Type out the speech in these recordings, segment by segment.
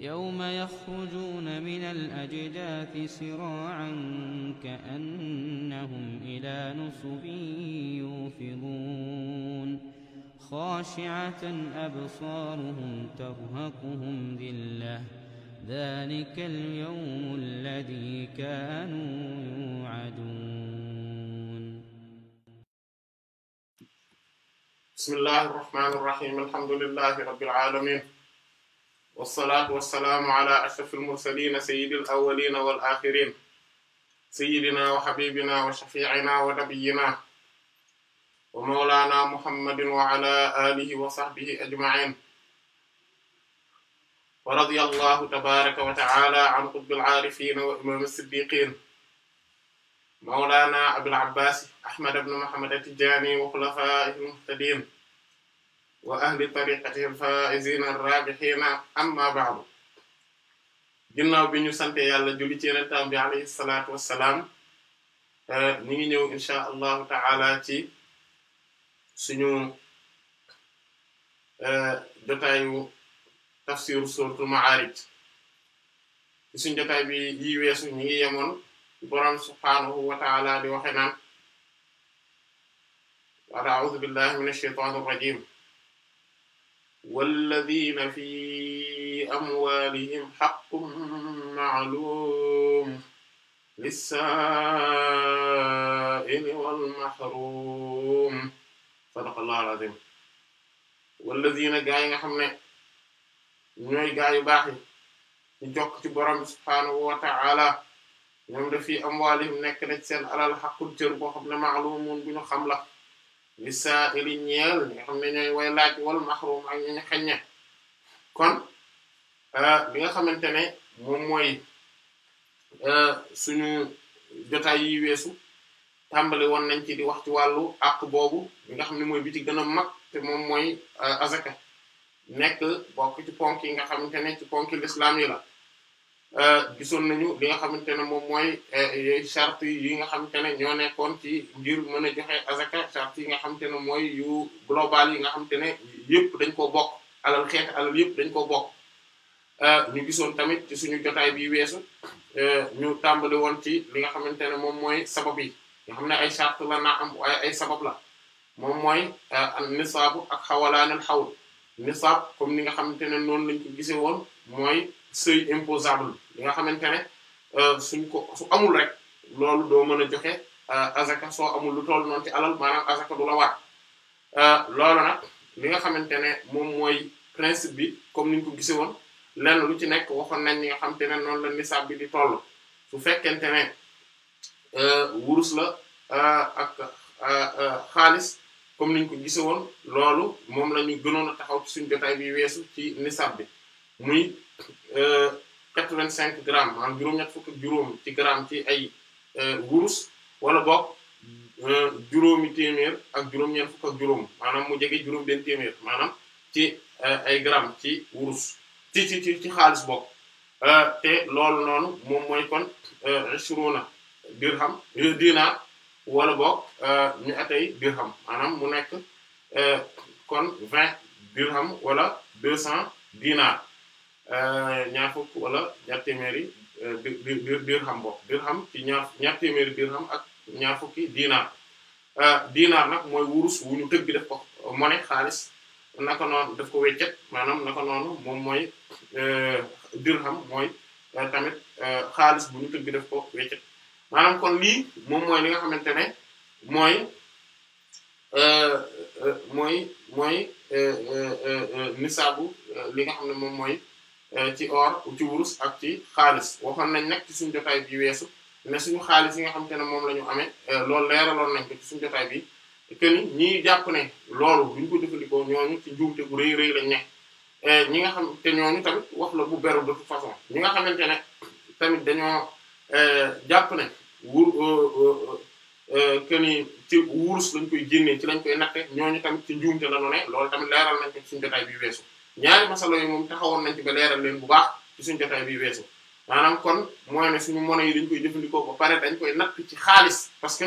يوم يخرجون من الأجداث سراعا كأنهم إلى نصب يوفضون خاشعة أبصارهم ترهقهم ذلة ذلك اليوم الذي كانوا يوعدون بسم الله الرحمن الرحيم الحمد لله رب العالمين wasalaatu wasalaamu ala ashrafil mursalina sayyidil awwalina wal axirin sayyidina wa xabibina wa shafiicina wa nabiyina wa mawlaana muhammadin wa ala alihi wa sahbihi ajma'in wa radiyallahu tabaaraka wa ta'ala an qutbil aarifin wa imaami siddiqin mawlaana abil abbaas ahmad ibn muhammad at-tijaani wa xulafaa'ihil muhtadiin wa ahli tariqati al-faa'izina ar-raabihiina amma ba'du ginnaaw bi ñu sante yàlla julli ci yenentaam bi alayhi salaatu wassalaam eh, ñu ngi ñëw insha allahu ta'ala ci suñu eh, jotaayu tafsiru suratul ma'aarij ci suñu bi yi weesu ñu yemoon boroom subhaanahu wa ta'ala di waxe naan a'uuzu billahi minash shaytaanir rajiim walladhiina fi amwaalihim haqqun ma'luum lissaa'ili wal mahruum sadaqallahul aziim walladhiina gaa yi nga xam ne ñooy gaa yu baax yi ñu jokk ci borom bi subhaanahu wa ta'aala ñoom daf fi amwaalihim nekk na ci seen alal haqqun cër boo xam ne ma'luumun bu ñu xam la. li saaili ñeel ñi xam ne ñooy way laaj wal mahrum ak ñi ñu xaññe kon euh, nga xamante ne moom mooy euh, suñu jotaay yi weesu tàmbali woon nañ ci di wax ci wàllu àq boobu nga xam ne mooy biti gën a mag te moom mooy euh, azaka nekk bokk ci ponk yi nga xamante ne ci ponk l'islam yi la Euh, gisoon nañu li nga xamante ne moom mooy euh, charte yi nga xamante ne ñoo nekkoon ci ngir mën a joxe azaka charte yi nga xamante ne mooy yu global yi nga xamante ne yëpp dañ koo bokk alal xeex alal yëpp dañ koo bokk euh, ñu gisoon tamit suñu jotaay bi weesu ñu tàmbali woon ci li nga xamante ne moom mooy sabab yi nga xam ne ay charte la naa am waaye ay sabab la moom mooy nisaabu ak xawalaanal xaw nisaab comme ni nga xamante ne noonu lañ ko gisee woon mooy seuil imposable yi nga xamante ne euh, suñ ko su amul rek loolu doo mën a joxe euh, azaka soo amul lu toll noonu ci alal maanaam azaka du la waat euh, loolu nag li nga xamante ne moom mooy principe bi comme niñ ko gisee woon lenn lu ci nekk waxoon nañ ni nga xamante ne noonu la nisaab bi di toll su fekkente ne wurus la ak xaalis comme niñ ko gisee woon loolu moom la ñu gënoon taxaw suñ jotaay bi weesu ci nisaab bi muy Euh, quatre-vingt-cinq grammes maanaam juróom-ñett fukk ak juróom ci gramme ci ay euh, wurus wala boog euh, juróomi téeméer ak juróom-ñeent fukk ak juróom maanaam mu jege juróom benn téeméer maanaam ci ay gramme ci wurus ci ci ci xaalis boog te lool noonu moom mooy kon ishruna dirham dinar wala boog mi atay dirham maanaam mu nekk kon vingt dirham wala deux cents dinar Euh, ñaar fukk wala ñaar téeméeri dir euh, dirham bokk dirham ci ñaar ñaar dirham ak ñaar fukki diinaar euh, diinaar nag mooy wurus wu ñu tëgg def ko monnaie xaalis naka noonu daf ko weccet maanaam naka noonu moom mooy dirham mooy tamit xaalis bu ñu tëgg def ko weccet maanaam kon lii moom mooy li nga xamante ne mooy mooy mooy nisaabu li nga xam ne moom mooy Eh, ci or ci wurus ak ci xaalis waxoon nañ nag ci suñu jotaay bi weesu ne suñu xaalis yi nga xamante ne moom la amee eh, loolu leeraloon nañ ko ci suñu jotaay bi que ni jàpp ne loolu buñ ko jëfandikoo ñooñu ci njuumte gu rëy rëy lañ nekk eh, ñi nga xam te tamit wax la bu beru de façon ñi nga xamante ne tamit dañoo jàpp ne wur que ni ci wurus lañ koy génnee ci lañ koy natte ñooñu tamit ci njuumte la ñu ne loolu tamit leeral nañ ko ci suñu jotaay bi weesu ñaari masala yi moom taxawoon nañ ci ba leeral leen bu baax ci suñ jotaay bi weesu maanaam kon mooy suñu monnaie yi dañ koy jëfandikoo ba pare dañ koy natt ci xaalis parce que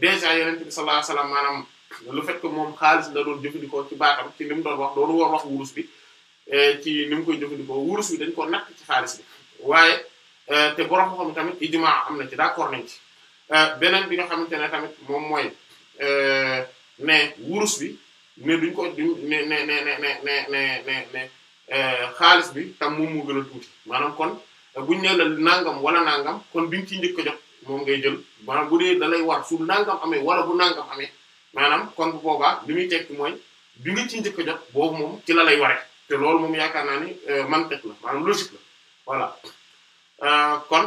déjà yonent bi maanaam le fait moom xaalis la jëfandikoo ci baatam ci li mu doon wax doonu war wax wurus bi eh, ci ni mu koy jëfandikoo wurus bi dañ ko xaalis bi waaye eh, te borom xam tamit ijmaa am na ci d'accord nañ ci eh, beneen bi nga xamante ne tamit moom mooy ne wurus bi mais duñ ko duñ ne ne ne ne ne euh, xaalis bi tam moom moo gën a tuuti maanaam kon euh, buñ ne nangam wala nangam kon biñ ci njëkk a jot moom ngay jël maanaam bu dee da lay war su nangam amee wala bu nangam amee maanaam kon bu boobaa li muy tekki mooy bi nga ci njëkk a jot boobu moom ci la lay waree te loolu moom yaakaar naa ni euh, mantiq la maanaam logique la voilà kon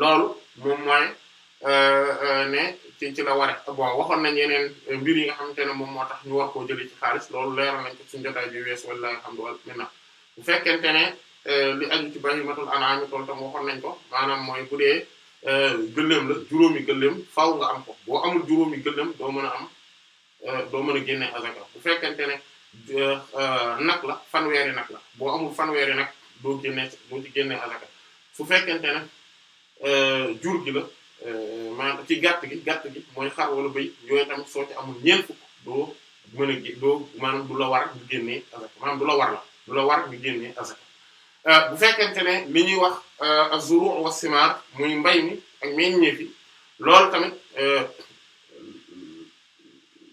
loolu moom mooy ne ci ci la waree bon waxoon nañ yeneen eh, mbir yi nga xamante ne moom moo tax ñu war koo jëlee ci xaalis loolu leeral nañ ko suñu jotaay bi weesu wala nga xam ne wala maintenant bu fekkente ne eh, li aju ci bahimatul an'am tool tam waxoon nañ ko maanaam mooy bu dee eh, gëléem la juróomi gëléem faaw nga am ko boo amul juróomi gëléem doo mën a am boo mën a génne azaka bu fekkente ne nag la fanweeri nag boo amul fanweeri nag doo génne doo ci génne azaka jur gi la. Euh, maanaam ci gàtt gi gàtt gi mooy xar wala bëy yooyu tamit soo ci amul ñeent fukk doo mën a doo maanaam du du la war la du génnee asaka euh, bu fekkente ne li ñuy wax euh, az-zuru' simaar muy mbay mi ak meññeef yi loolu tamit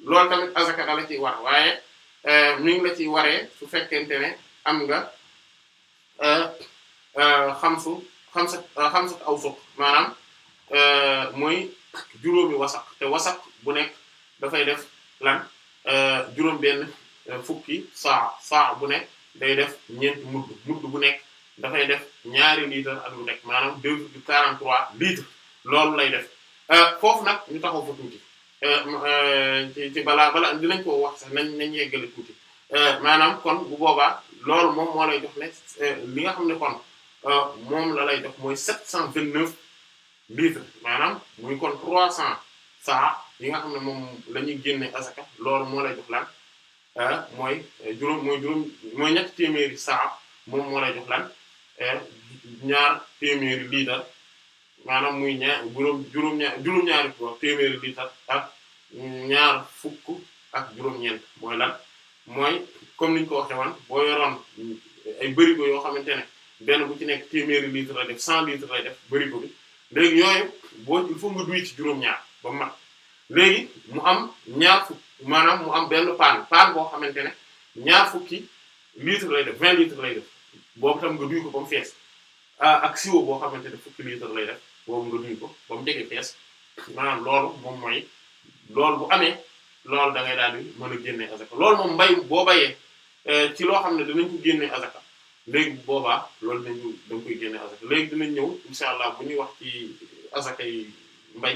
loolu tamit asaka da la ciy war waaye mi ngi la ciy waree su fekkente ne am nga xam su xam aw suq maanaam Euh, mooy juróomi wasak te wasak bu nekk dafay def lan euh, juróom benn euh, fukki saa saa bu nekk day def ñeenti mudd mudd bu nekk dafay def ñaari litre ak lu nekk maanaam deux virgule quarante trois litres loolu lay def foofu nag ñu taxaw fa tuuti ci balaa balaa nañ ko wax sax nañ nañ yeggale tuuti maanaam kon bu boobaa loolu moom moo lay jox ne li nga xam ne kon moom la lay jox mooy sept cent vingt neuf litre maanaam muy kon trois cent saa yi nga xam ne moom la ñuy génne asaka loolu moo lay jox lan ah, mooy eh, juróom mooy juróom mooy ñetti téeméeri saa moom moo lay jox lan eh, ñaar téeméeri litre maanaam muy ñaar juróom juróom ñaar juróom ñaari ko litre ak ñaar fukk ak juróom-ñeent mooy lan mooy comme niñ ko waxee woon boo yoroon ay bërigo yoo xamante ne benn bu ci nekk téeméeri litre la def cent litres lay def bërigo bi léegi yooyu boo il faut nga duy ci juróom-ñaar ba mu mat léegi mu am ñaar fukk maanaam mu am benn paan paan boo xamante ne ñaar fukki litre lay def vingt litres lay def boobu tam nga duy ko ba mu fees ak siwo boo xamante ne fukki litre lay def boobu nga duy ko ba mu jege fees maanaam loolu moom mooy loolu bu amee loolu da daal di mën a génnee azaka loolu moom mbay boo bayee eh, ci loo xam ne danañ ko génne azaka léegi boobaa loolu dañu dañ koy génne asaka ñëw insha allah bu ñuy wax ci asaka yi mbay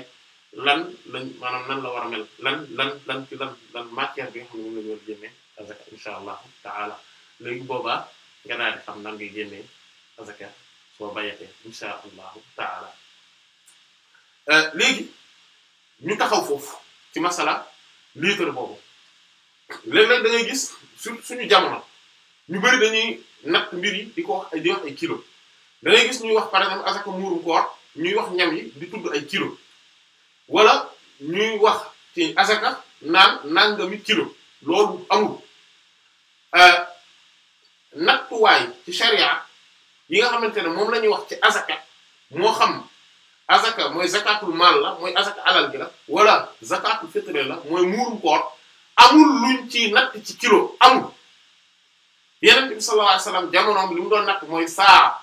lan lañ maanaam nan la war lan lan lan bi nga xam ne moom la ñu war a génne asaka insha allah taala léegi boobaa nga daal di xam nan ngay génne asaka soo bayatee insha allah taala euh, léegi ñu taxaw foofu ci masala litre boobu léeg-léeg da gis su suñu jamono ñu bari dañuy nag mbir yi di ko wax ay di wax ay kilo da gis ñuy wax par exemple asaka muurum koor ñuy wax ñam yi di tudd ay kilo wala ñuy wax ci asaka naan nangami kilo loolu amul euh, nattuwaay ci sharia yi nga xamante ne moom la ñuy wax ci asaka moo xam azaka mooy zakatul mal la mooy azaka alal gi la wala zakatul fitr la mooy muurum koor amul luñ ci natt ci kilo amul yonent bi sallallahu alayhi wasallam jamonoom li mu doon natt mooy saa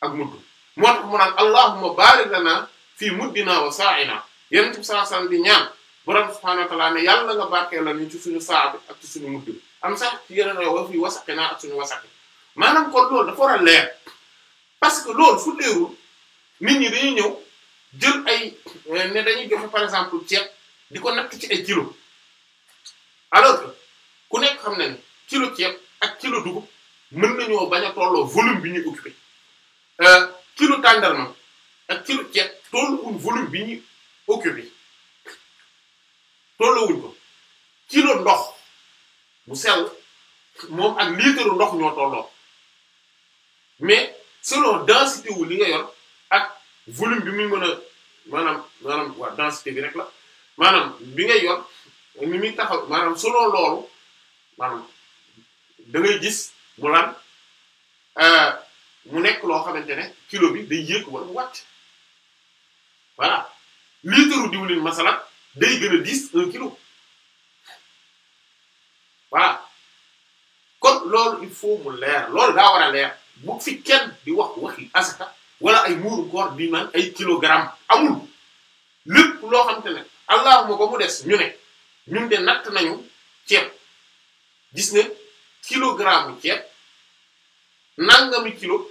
ak mudd moo tax mu naan allahumma barik lana fii muddina wa sa'ina yonent bi sallallahu alayhi wasallam di ñaan borom subhaanahu wa ta'aala ne yàlla nga barkee la ñu ci suñu saa bi ak ci suñu mudd bi am sax ci yeneen yoo wa fii wasaqina maanaam kon loolu war a leer parce que loolu fu leerul nit ñi dañuy ñëw jël ay eh, ne dañuy joxe par exemple ceeb di ko natt ci ay kilo alors que ku nekk xam ne ne kilo ceeb. ak kilo dugub mën nañoo bañ a tolloo volume bi ñuy occupé kilo euh, tàndarma ak kilo ceeb tolluwul volume bi ñuy occupé tolluwul ko kilo ndox bu sell moom ak litre ndox ñoo tolloo mais solo densité wu li nga yor ak volume bi muy mën a manam maanaam waa densité bi rek la maanaam bi nga yor ni muy taxaw maanaam solo loolu maanaam. dangay gis mu lan euh, mu nekk loo xamante ne kilo bi day yéeg wala mu wàcc voilà litre diwlin masala day gën diis kilo voilà kon loolu il faut mu leer loolu daa war a leer bu fi kenn di wax waxi asaka wala ay muuru koor di naan ay kilogramme amul lépp loo xamante ne allahuma ko mu des ñu ne ñun de natt nañu ceeb gis ne kilo gramme ceeb nangami kilo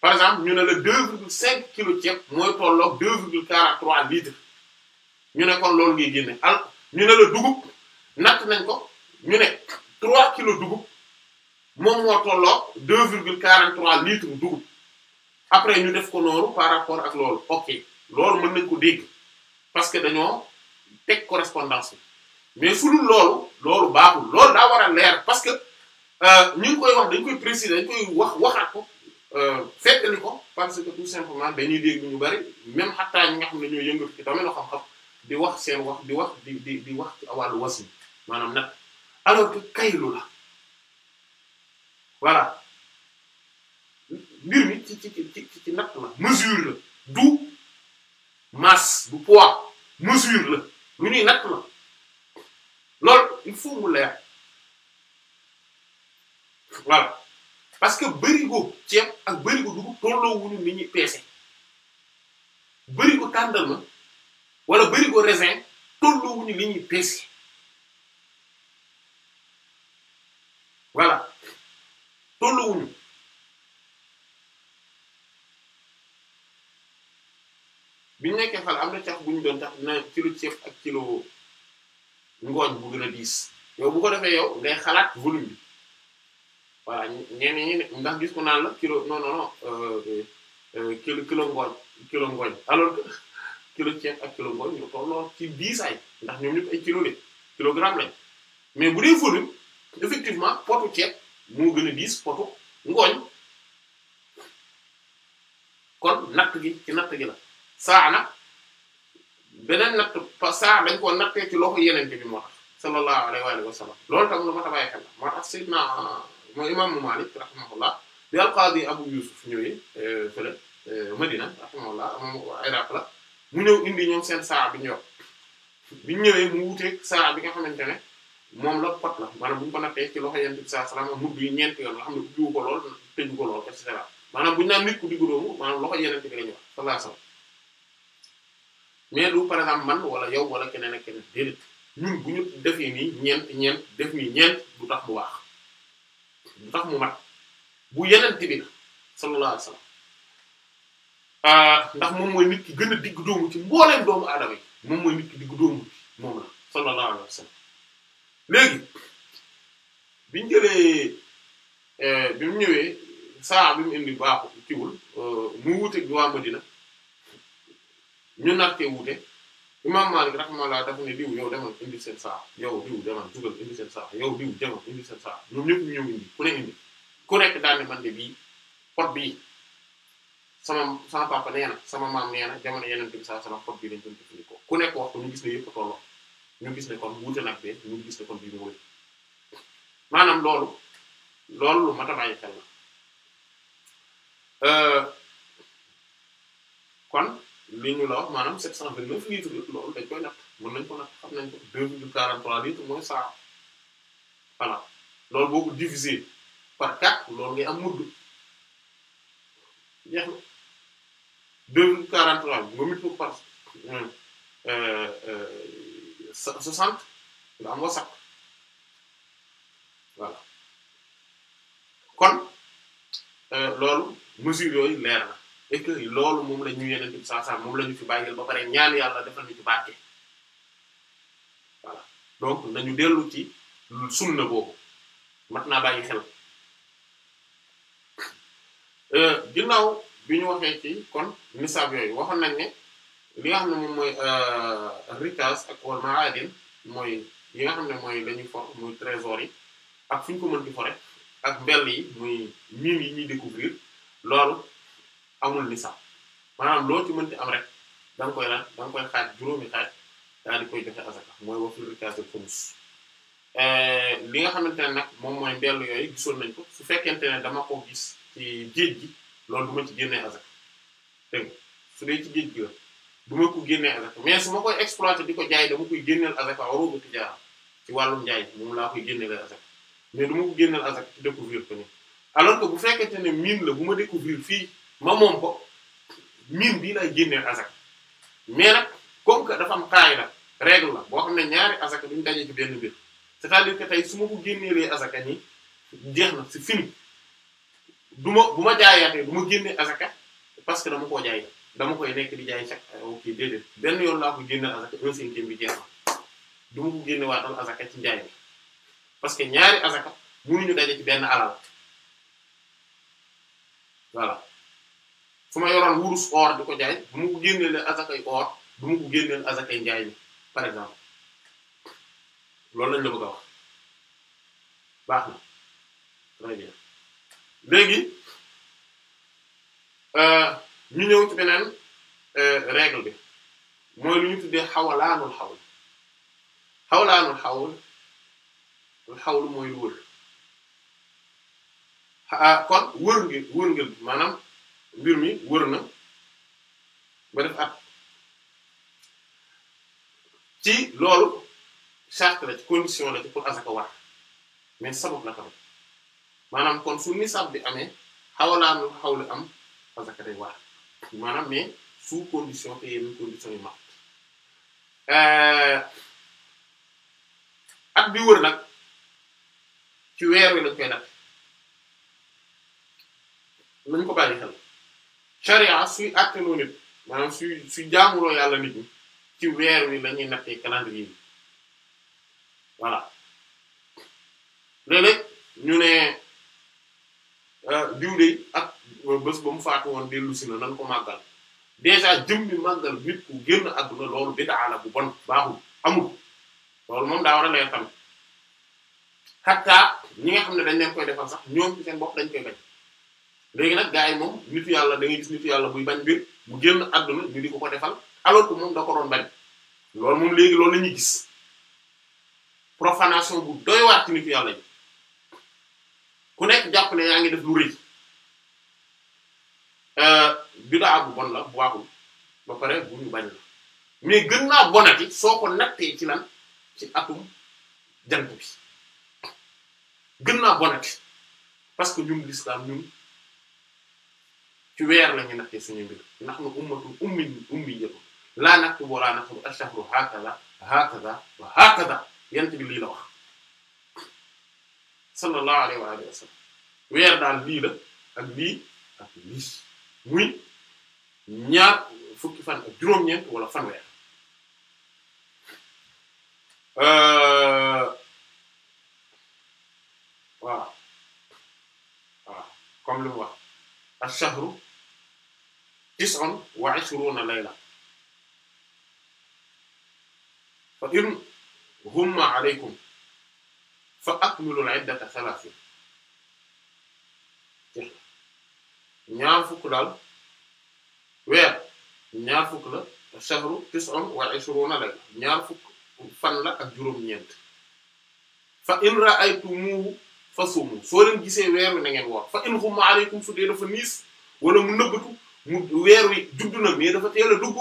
par exemple ñu ne la deux virgule cinq kilo ceeb mooy tolloog deux virgule quarante trois litres ñu ne kon loolu ngay génne al ñu ne la dugub natt nañ ko ñu ne trois kilo dugub moom moo tolloog deux virgule quarante trois litres dugub après ñu def ko nooru par rapport ak loolu ok loolu mën nañ ko dégg parce que dañoo teg correspondance bi mais su dul loolu loolu baaxul loolu daa war a leer parce Euh, ñu ngi koy wax dañ koy préciser dañ koy wax waxaat ko euh, fekkali ko parce que tout simplement dañuy dégg ñu bari même xataa ñi nga xam ne ñoo yëngatu ci domaine xam-xam di wax seen wax di wax di di di wax ci wàllu was maanaam nag alors que kaylu la voilà mbir mi ci ci ci ci natt la mesure la du masse du poids mesure la lu ñuy natt loolu il faut mu leer voilà parce que bërigo ceeb ak bërigo dugub tolloo wuñu ni ñuy peese bërigo tàndarma wala bërigo raisin tolloo wuñu ni ñuy peese voilà tolloo wuñu biñ nekkee xale am na cax bu ñu doon tax na kilo ceeb ak kilo ngooñ bu gën a diis yow bu defee yow ngay xalaat volume voilà ñenn ñi ne ndax gis ko naan la kilo non non non euh, euh, kilo kilo ngooñ kilo ngooñ kilo ceeb ak kilo ngooñ ñu tolloo ci diisaay ndax ñoom ñëpp ay kilo lañ lañ mais bu dee volume effectivement potu ceeb moo gën a diis potu ngooñ kon natt gi ci natt gi la saa nag beneen natt saa ko koo nattee ci loxo yeneen bi moo tax sallallahu alayhi wa sallam loolu tam lu ma tabaayee xel la moo tax sayyidna mooy imaamu a rahimahullah bi al-Qaadi Abu Yuusuf ñëwee euh, fële euh, Madina rahimahullah moom Iraq la mu ñëw indi ñoom seen saa bi ñu yor ñu ñëwee mu wuteeg saa bi nga xamante ne moom la pot la maanaam bu ñu ko nattee ci loxo Yonent bi sallallahu alayhi wasallam mudd yi ñeenti yoon nga xam ne et cetera maanaam bu ñu naan nit ku diggu doomu maanaam loxo Yonent bi la ñu wax sallallahu mais du par exemple man wala yow wala keneen ak keneen dee ñun bu ñu defee nii ñeent ñeent def nii ñeent du tax mu waax lu tax mu mat bu yeneen bi la sallallahu alayhi ah, ndax moom mooy nit gën a digg doomu ci mbooleem doomu aadama yi moom mooy nit ki digg doomu moom la sallallahu alayhi léegi biñ jëlee eh, bi mu ñëwee saa bi mu indi baaxu kiwul eh, mu wuute gi waa ñu nag te wuute imam Malik rahimahullah dafa ne diw yow demal indi seen saar yow diw demal dugal indi seen saar yow diw demal indi seen saar ñoom ñëpp ñëw indi ku ne indi ku nekk daal sama sama papa nee na sama maam nee na jamono yeneen bi ku nekk wax ko ñu gis ne yëpp tolloo ñu gis ne kon wuute nag bee ñu gis ne kon bii mooy maanaam loolu loolu lu mat a bàyyi xel la euh, kon. li mu la wax maanaam 729 litres yëpp loolu dañ koy natt mën nañ ko natt xam nañ ko 2,43 litres mooy saa voilà loolu boo ko diviser par 4 loolu ngay am mudd na 2,43 nga mit ko par 60 euh, euh, nga am wasak voilà kon euh, loolu mesure yooyu et que loolu moom la ñu yeneen saa saa moom la ñu fi bàyyil ba pare ñaan yàlla defal ñu ci barke voilà donc nañu dellu ci sunna boobu mat naa bàyyi xel euh, ginnaaw bi ñu waxee ci kon nisaab yooyu waxoon nañ ne li nga xam ne moom mooy euh, rikaas ak wal maadin mooy yi nga xam ne mooy la ñuy for muy trésor yi ak fu ñu ko mën di fore ak mbell yi muy mine yi ñuy découvrir loolu amul nisab maanaam loo ci mënti am rek da nga koy da koy xaaj juróomi xaaj daal di koy joxe asaka mooy wa fil rikaaz al xumus eh, li nga xamante ne nag moom mooy mbellu yooyu gisoon nañ ko su fekkente ne dama ko gis ci géej gi loolu du ma ci génnee asaka dégg géej gi la du ko génnee asaka mais su ma koy di ko jaay koy génneel asaka waroo ba tijaara ci moom laa koy génneel ko génneel asaka ci la bu ma découvrir fii ma moom ko min bii lay génneel azak mais nag comme que dafa am qaida règle la boo xam ne ñaari azaka duñu daje ci benn mbir c'est-à-dire que su ma ko génneelee azaka nii jeex na c'est fini du ma bu ma jaayaatee du ma génne azaka parce que dama koo jaay dama koy nekk di jaay euh, yoon laa ko génneel azaka un cinquième na du ma ko génne waatal azaka que ñaari azaka daje ci benn alal voilà su ma yoroon wurus or di ko jaay du ma ko génneel azakay or du ma ko génneel azakay njaay mi par exemple loolu lañ la bëgg baax na très léegi euh, ñu ñëw ci beneen euh, règle bi mooy lu ñu tuddee xawalaanul xawl xawlaanul xawl xawlu mooy lu wër ah, kon wër ngi wër ngel mbir mi wër na ba def at ci loolu charte la ci condition la ci pour asaka war mais sabab la tamit maanaam kon su nisab bi amee xawalaanu xawli am asaka day war maanaam mais sous condition te yenn condition yu mat euh, at bi wër nag ci weer wi lañ koy nag nañ ko bàyyi xel charia suy atteloo nit maanaam suy jaamuloo yàlla nit ñi ci weer wi la ñuy nattee calendrier ne euh, diw ak euh, bës ba mu faatu woon dellu si na nan ko màggal déjà jëm bi màggal nit ku génn àdduna loolu bid'a la bu bon baaxul amul loolu moom daa war a leer tamit xataa ñi nga xam ne dañ leen koy defal sax ñoom ci seen dañ koy bañ léegi nag gars yi moom nitu yàlla da ngay gis nitu yàlla buy bañ mbir bu génn àdduna ñu di ko ko defal alors que moom da ko doon bañ loolu moom léegi loolu la ñuy gis profanation bu doy waat ci nitu yàlla ji ku nekk jàpp ne yaa ngi def lu rëy euh, bidaa bu bon la bu waaxul ba pare bu ñu bañ la mais gën naa bonati soo ko nattee ci lan ci atum jant bi gën naa bonati parce que ñun l'islam ñun ci weer la ñu nattee suñu mbir ndax nu ummatul ummi ummi yëpp laa naktubu wa laa naktubu ashhuru hakaza hakaza wa hakaza yent bi lii la wax sallallahu alayhi wa alihi weer daal lii la ak lii ak lii muy ñaar fukki fan ak juróom wala fan weer euh, waaw waaw comme li mu wax ashhuru tis'un wa ishruna layla fa in humma alaykum fa akmilul iddata thalathin ñaar fukk daal weer ñaar fukk la shahru tis'un wa ishruna layla ñaar fukk fan la ak juróom-ñeent fa in ra'aytumuhu fasumu soo leen gisee weer wi na ngeen woor fa in humma alaykum su dee dafa niis wala mu nëbbatu mu weer wi juddu na mais dafa teel a dugg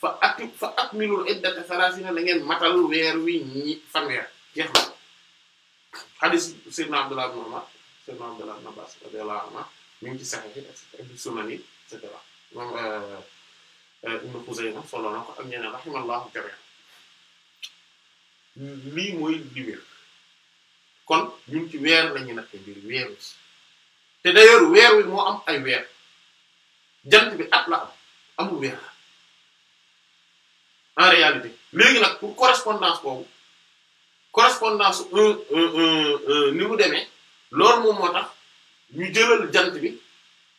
fa at fa at lu iddata salaasina na ngeen matal weer wi ñi fanweer jeex na hadis sayyidna Abdullah ibn Umar sayyidna Abbas radiyallahu anhu mi ngi ci sahih et cetera bi sunan yi et cetera moom Ibn euh, euh, solo na ko ak ñeneen rahimallahu jami'an lii mooy li kon ñun ci weer lañu natte mbir weer wi te d'ailleurs weer wi moo am ay weer jant bi at la am amul weer en réalité léegi nag pour correspondance boobu correspondance un un un ni mu demee loolu moo tax ñu jëlal jant bi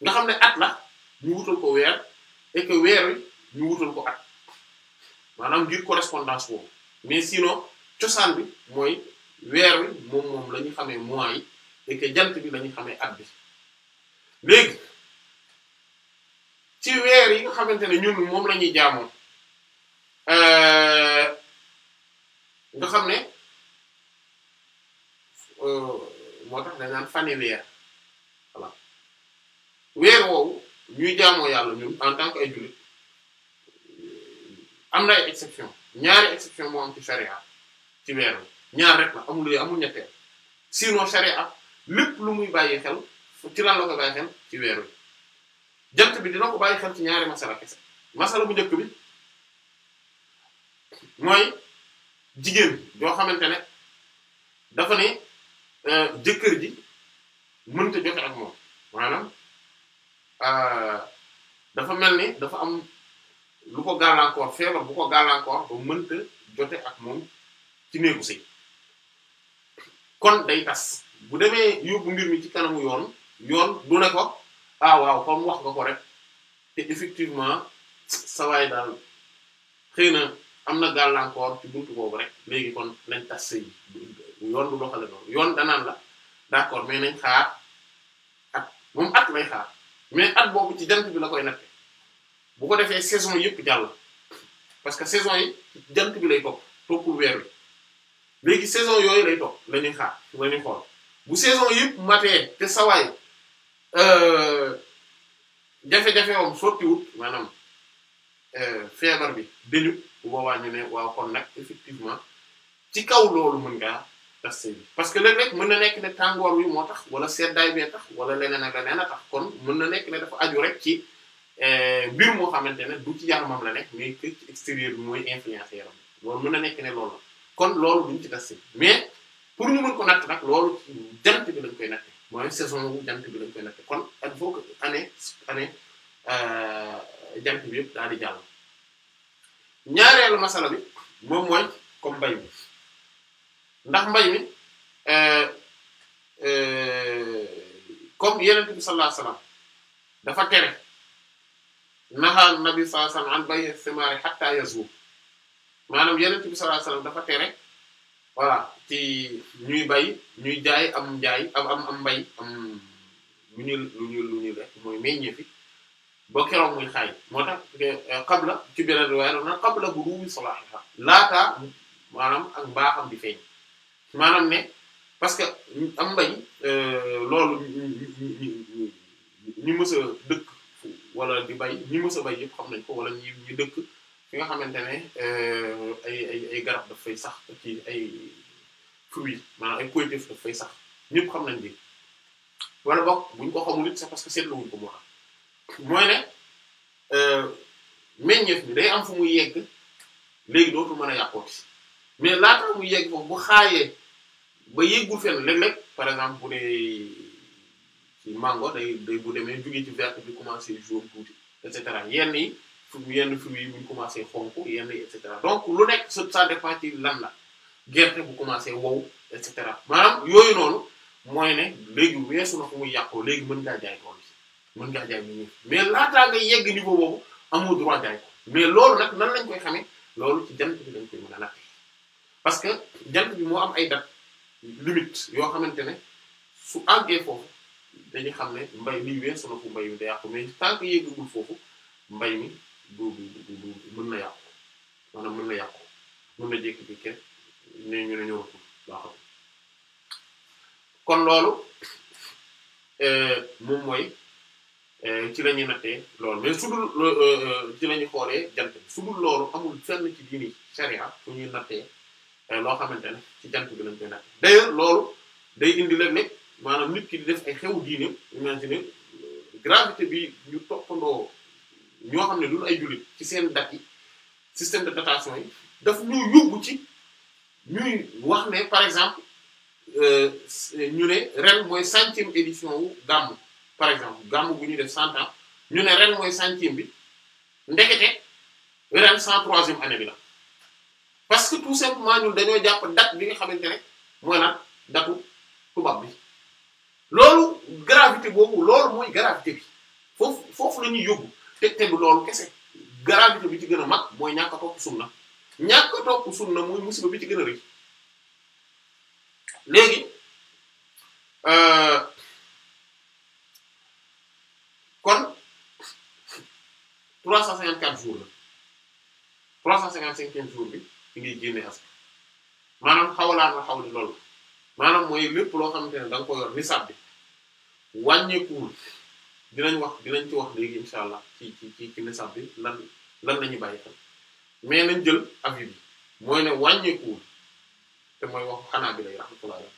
nga xam ne at la ñu wutal ko weer et que weer wi ñu wutal ko at maanaam ngir correspondance boobu mais sinon cosaan bi mooy weer wi moom moom la xamee mois yi jant bi la ñu xamee at bi léegi. ci weer yi nga xamante ne ñun moom lañuy ñuy jaamu euh, nga xam ne euh, moo tax dañ naan fane weer voilà ñuy jaamoo yàlla ñun en tant ay jullit am na ay exception ñaari exception moo am ci sharia ci weer ñaar rek la amul amul ñetteel sinon sharia lépp lu muy bàyyi xel ci lan la bàyyi xel ci weer jant bi dina ko bàyyi xel ci ñaari masala kese masala bu njëkk bi mooy jigéen yoo xamante ne dafa ne euh, jëkkër ji mënta jote ak moom maanaam euh, dafa mel ni dafa am lu ko gàllankoor feebar bu ko gàllankoor ba mënta jote ak moom ci néegu sëy kon day tas bu demee yóbbu mbir mi ci kanamu yoon yoon du ne ko ah waaw comme wax nga ko rek te effectivement sawaay daal xëy na am na gàllankoor ci buntu boobu rek léegi kon nañ tas sëy yoon du doxale noonu yoon danaan la d'accord mais nañ xaar at moom at lay xaar mais at boobu ci jant bi la koy natte bu ko defee saison yëpp jàll que saison yi jant bi lay topp toppul weer wi léegi saison yooyu lay topp la xaar la xool bu saison yëpp matee te sawaay euh, jafe-jafe moom sottiwut maanaam euh, feebar bi dañu bu boobaa ñu ne waaw kon nag effectivement ci kaw loolu mën ngaa tas sëy bi parce que léeg-léeg mën na nekk ne tàngoor wi moo tax wala seddaay bee tax wala leneen ak leneen a tax kon mën na nekk ne dafa aju rek ci euh, mbir moo xamante ne du ci yaramam la nekk mais que ci extérieur bi mooy influencer yaram loolu mën na nekk ne loolu la kon loolu duñ ci tas mais pour ñu mën ko natt nag loolu jant bi lañ koy natt. mooy saison wu jant bi lañ kon ak boo ko année année euh, jant bi yëpp daal di jàll. ñaareelu masala moom mooy comme mbay mi ndax mbay mi euh, euh, comme yeneen bi sallallahu alayhi dafa tere naha nabi sallallahu alayhi wasallam an bay'i thimaari hatta yazwu maanaam yeneen bi sallallahu alayhi dafa tere. voilà ci ñuy bay ñuy jaay am jaay am am am mbay am lu ñu lu ñu lu ñu rek mooy meññee fi ba keroog muy xaay moo tax euh, qabla ci beneen riwaaya na qabla buruwi salaahiha laata maanaam ak mbaaxam di feeñ maanaam ne parce que am mbay euh, loolu ñi mës a dëkk wala di bay ñi mës a bay yëpp xam nañ ko wala ñi ñu dëkk fi nga xamante ne euh, ay ay ay garab daf fay sax ci ay fruits maanaam ay poétiques daf fay sax ñëpp xam nañ bi wala boog buñ ko xamul it c'est parce que seetlu wuñ ko moo tax mooy ne euh, meññeef day am fu muy yegg léegi dootul mën a yàqooti mais laata muy yegg foofu bu xaayee ba yeggul fenn léeg-léeg par exemple bu dee ci mango day bu demee jógee ci vert bi commencé jaune tuuti et yenn yi. yenn fruits yi bu ñu commencé xonk yenn et cetera donc lu nekk ça dépend ci lan la gerte bu commencé wow et cetera maanaam yooyu noonu mooy ne léegi weesu na fu mu yàqoo léegi mën ngaa jaay tool bi mën ngaa jaay mais laataa nga yegg niveau boobu amoo droit jaay ko mais loolu nag nan lañ koy xamee loolu ci jant bi lañ koy mën a natt parce que jan bi moo am ay date limite yoo xamante ne su àggee foofu dañuy xam ne mbay mi weesu na fu mbay mi day yàqu mais tant que yeggagul foofu mbay mi. bu bu bu mën na yàqu maanaam mën na yàqu mën na jékki-jékki ne ñu ne ñëwatul baaxul kon loolu euh, moom mooy euh, ci la ñuy nattee loolu mais su dul euh, ci la xoolee jant su dul loolu amul fenn ci diini sharia fu ñuy nattee loo xamante ne ci jant bi lañ koy nattee d'ailleurs loolu day indi leen ne maanaam nit ki di def ay xew diine imagine gravité bi ñu toppandoo. ñoo xam ne duñu ay jullit ci seen dat yi système de datation yi daf ñu yóbbu ci ñuy wax ne par exemple euh, ñu ne ren mooy centième édition wu par exemple gàmm bu ñu ñu ne ren mooy centième bi ndekete ren cent troisième année bi la parce que tout simplement ñun dañoo jàpp date bi nga xamante ne mooy naan datu tubaab bi loolu gravité boobu loolu mooy gravité bi foofu foofu la ñuy yóbbu te te loolu kese gravité bi ci gën a mag mooy ñàkk a topp na ñàkk a topp sunna mooy musiba bi ci gën a rëy léegi euh, kon 354 jours la 355 jours bi di ngay génne askan maanaam xawlaan la xawli loolu maanaam mooy lépp loo xamante ne da nga ko yor nisab bi wàññeekuwul. dinañ wax dinañ ci wax léegi incha allah ci ci ci ci nisab bi lan lan la ñuy bàyyi xel mais nañ jël avis bi mooy ne wàññeekuwul te mooy wax xanaa bi lay rahmatullah ala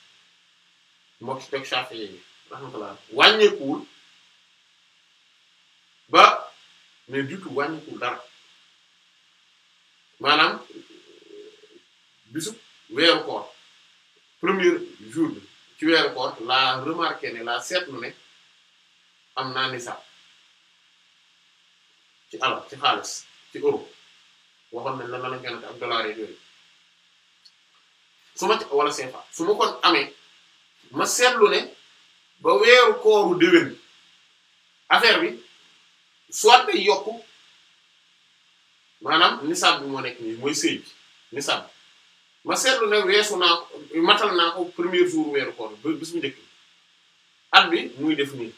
moo ci teg yi rahmatullah ala wàññeekuwul ba mais du tout wàññeekuwul dara maanaam bisub weeru koor premier jour bi ci weeru koor laa remarqué ne laa seetlu ne am naa nisaab ci alal ci xaalis ci euro waxoon nañ la nan lañ ak dollars yeeg yooyu su ma wala CFA su ma kon amee ma seetlu ne ba weeru kooru déwén affaire bi soit day yokku maanaam nisaab bi moo nekk nii mooy sëy nisaab ma seetlu ne weesu naa ko matal naa ko premier jour weeru koor bis bu njëkk at bi muy def nii.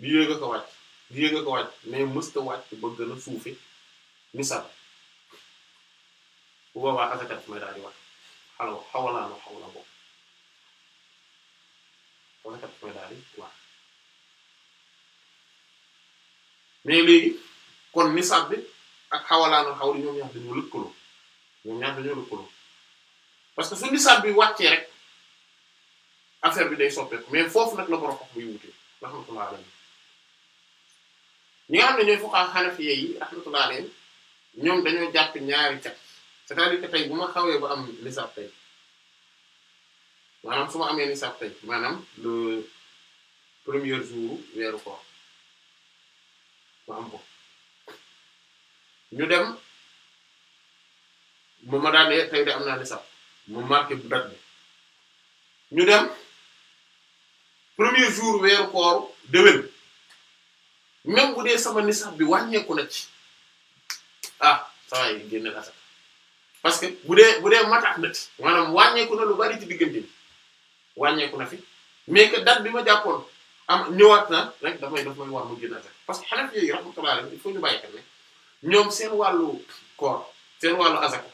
lii nga ko wàcc lii nga ko wàcc mais mësta wàcc ba gën suufi nisaab bi ak xawalaano xaw li ñoom ñaar dañoo parce que su nisaab bi wàccee rek affaire bi day soppeeku mais foofu nag la borom wax muy wutee rahmatullah alayhi ñi nga xam ne ñooy fuqaha hanafiya yi rahmatullah alayhim ñoom dañoo jàpp ñaari cat c'est-à-dire tey bu ma xawee ba am nisab tey maanaam su ma amee nisab tey maanaam le premier jour weeru koor ma ko ñu dem ma ma daal de tey de am dem premier jour weeru même bu dee sama nisab bi wàññeeku na ci ah saa yi génne na sax que bu dee bu dee mataat na ci maanaam wàññeeku na lu bari ci diggante bi wàññeeku na fi mais que date bi ma jàppoon am ñëwaat na rek daf may daf mu génne sax parce que xanaa yooyu rahmatullah ñu bàyyi xel ne ñoom seen wàllu koor seen wàllu azaka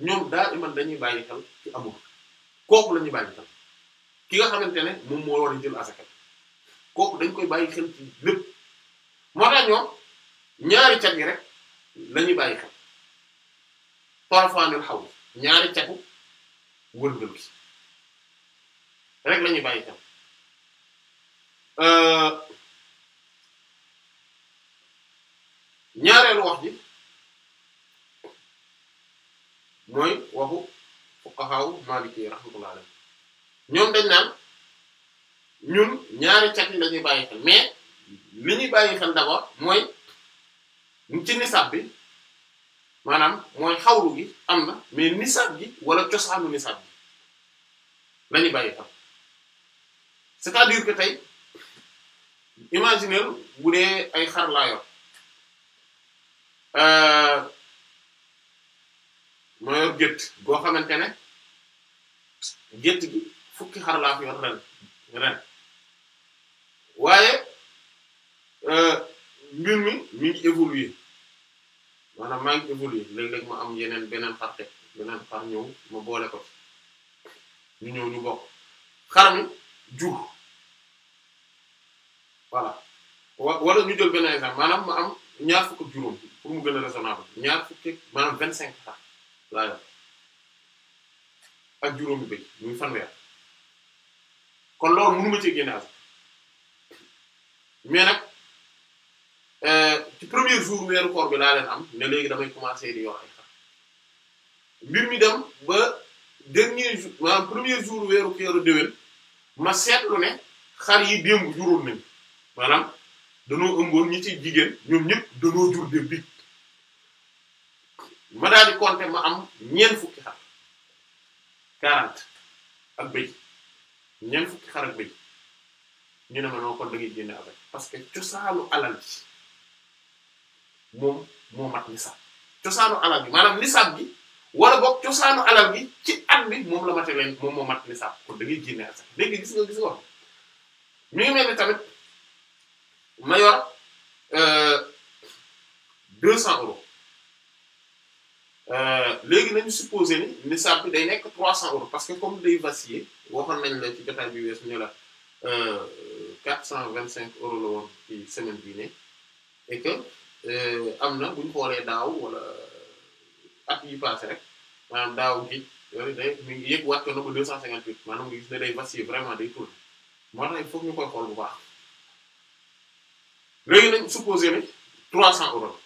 ñoom daal man dañuy bàyyi xel ci amul kooku la ñuy bàyyi xel ki nga xamante ne moom moo war a jël azaka kooku dañ koy bàyyi xel ci lépp. moo tax ñoom ñaari cat yi rek la ñuy bàyyi xel tarafaanil xaw ñaari catu wërngël gi rek la ñuy bàyyi xel ñaareelu wax ji mooy waxu fuqahaawu maliki yi rahmatullah alayhi ñoom dañ naan ñun ñaari cat yi lañuy ñuy bàyyi xel mais li ñuy bàyyi xel d'abord mooy ci nisab bi maanaam mooy xawru gi am na mais nisab gi wala cosaanu nisab gi la ñuy bàyyi xel c'est-à-dire que tey imaginer bu dee ay xar laa yor euh, goo xamante ne gétt gi fukki xar fi yor ren ren waaye Euh, mbir mi mi ngi évoluer maanaam maa ngi évoluer léeg-léeg ma am yeneen beneen parte beneen par ñëw ma boole ko ñu ñëw ñu bokk xar mi jur voilà wala ñu jël beneen exemple maanaam ma am ñaar fukk ak juróom pour mu gën a raisonnable ñaar fukki maanaam vingt cinq xar laa yor ak juróomi bëy muy fanweer kon loolu mënu ma ci génne as mais Euh, ci premier jour weeru koor bi laa leen am ne léegi damay commencer di yor mbir mi dem ba dernier jour maanaam premier jour weeru keeru déwén ma seetlu ne xar yi démb juróon nañ maanaam danoo ëmboon ñi ci jigéen ñoom ñëpp danoo jur démb bi ma daal di compter ma am ñeent fukki xar 40 ak bëy ñeent fukki xar ak bëy ñu ne ma noo kon da ngay génne abay parce que cosaalu alal moom moo mat nisaab cosaanu alal bi maanaam nisaab bi wala boog cosaanu alal bi ci at bi moom la mate leen moom moo mat nisaab kon da ngay génne asaka dégg nga gis nga gis nga wax mi ngi mel ni tamit ma yor euh, deux cent euros euh, léegi nañu supposé ni nisaab bi day nekk trois cent euros parce que comme day vaciller waxoon nañ la ci jotaay bi weesu ñu la euh, quatre cent vingt cinq euros la woon ci semaine bii ne et Euh, am na bu ñu xoolee daaw wala at yi passé rek maanaam daaw gi yooyu day mi ngi yëg wàcc na ko 258 maanaam nga gis ne day vaciller vraiment day tourné moo tax foofu ñu koy xool bu baax léegi nañ supposé ne 300 euros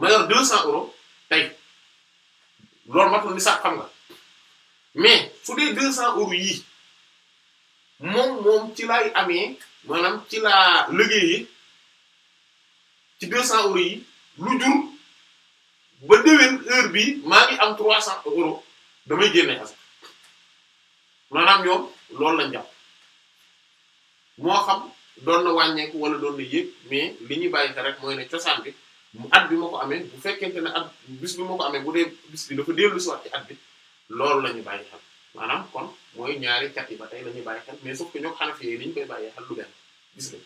ma yor 200 euros tey loolu matul ni sax xam nga mais su dee 200 euros yii moom moom ci laay amee maanaam ci laa liggéey yi ci 200 euros yi lu jur ba déwén heure bi maa ngi am 300 euros damay génne asaka maanaam ñoom loolu lañ jàpp moo xam doon na wàññeeku wala doon na yéeg mais li ñuy bàyyi xel rek mooy ne cosaan bi mu at bi ma ko amee bu fekkente ne at bis bi ma ko amee bu dee bis bi dafa dellu si waat ci at bi loolu la ñu bàyyi xel maanaam kon mooy ñaari cat yi ba tey la ñuy bàyyi xel mais sauf que ñoo xanaa fi yéen ñu koy bàyyi xel lu benn gis nga.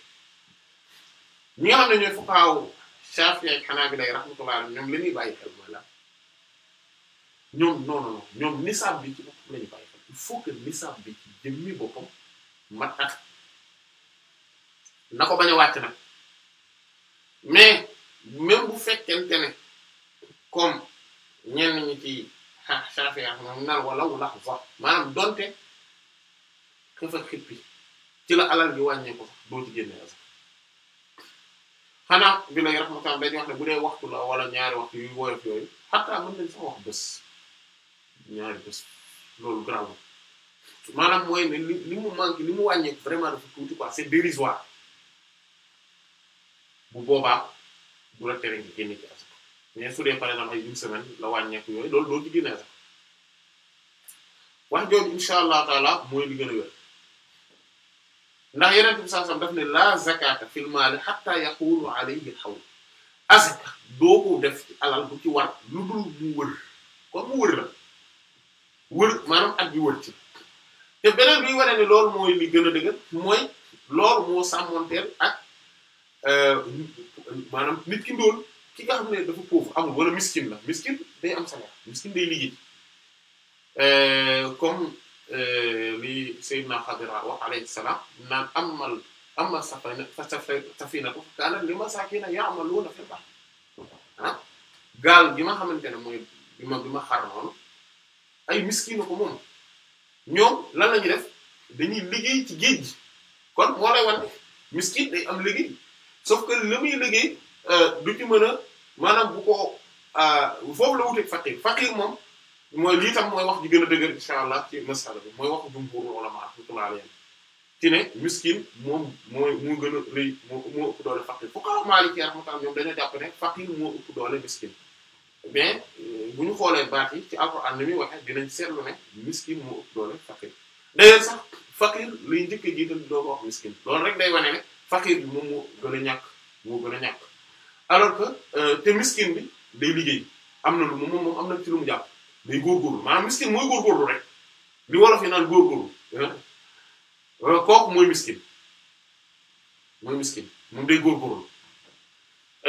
ñi nga xam ne ñooy fuqahaa Shaafi'i ak Hanaabila rahmatullahi alayhim ñoom la ñuy bàyyi xel mooy la ñoom non non ñoom nisaab bi ci boppam la bàyyi xel il faut que bi ci jëmmi boppam mat ak na ko bañ a wàcc nag mais même bu fekkente ne comme ñenn ñi ci Shaafi'i ak moom naan wala wala wax maanaam donte xëfa xippi ci la alal gi wàññee boo doo ci génne as. xanaa bi lay rahmatullah dañuy wax ne bu dee waxtu la wala ñaari waxtu yu woyof yooyu xataa mën nañ sax wax bés ñaari bés loolu graw maanaam mooy ne li li mu manque li mu wàññeeku vraiment dafa tuuti quoi c'est dérisoire bu boobaa bu la tere nga génne ci asaka mais su dee par exemple ay une semaine la wàññeeku yooyu loolu loolu ci génne asaka wax jooju incha allah taala mooy li gën ndax yeneen bi sallallahu alayhi wasallam daf ne la zakata fil maali hatta yaqulu alayhi al-hawl azaka doo ko def ci alal bu ci war lu dul mu wër kon mu wër la wër maanaam at bi wër ci te beneen bi wane ne loolu mooy li gën a dëgër mooy loolu moo sàmmonteel ak euh, maanaam nit ki ndóol ki nga xam ne dafa pauvre amul wala miskin la miskin day am salaire miskin day liggéey euh, comme Euh, li Seydina Xadir wax alayhi salaam naan amal amal safina fa safinatu kaanat li masaakiina ya'maluuna fil bahr ah gaal gi ma xamante ne mooy bi ma bi ma xar noonu ko moom ñoom lan lañu def dañuy liggéey ci géej gi kon moo lay wan miskiin am liggéey sauf que li muy liggéey euh, du ci mën a maanaam bu ko euh, foofu la wuteeg faqir faqir moom. mooy lii tam mooy wax ji gën a dëgër incha allah ci masala bi mooy waxu jumhur ulama rahmatullahi alayhim ci ne miskin moom mooy moo gën a moo moo ëpp doole faqir fuqaha mais euh, bu ñu xoolee baat yi ci alquran ni muy waxee dinañ seetlu ne miskin moo ëpp doole faqir njëkk a jiital doo ko rek day wane ne bi moom moo gën a ñàkk moo euh, bi day liggéey am na lu moom moom am na ci lu mu jàpp day góorgóorlu maanaam miskin mooy góorgóorlu rek li wolof yi naan góorgóorlu euh, kooku mooy miskin mooy miskin moom day góorgóorlu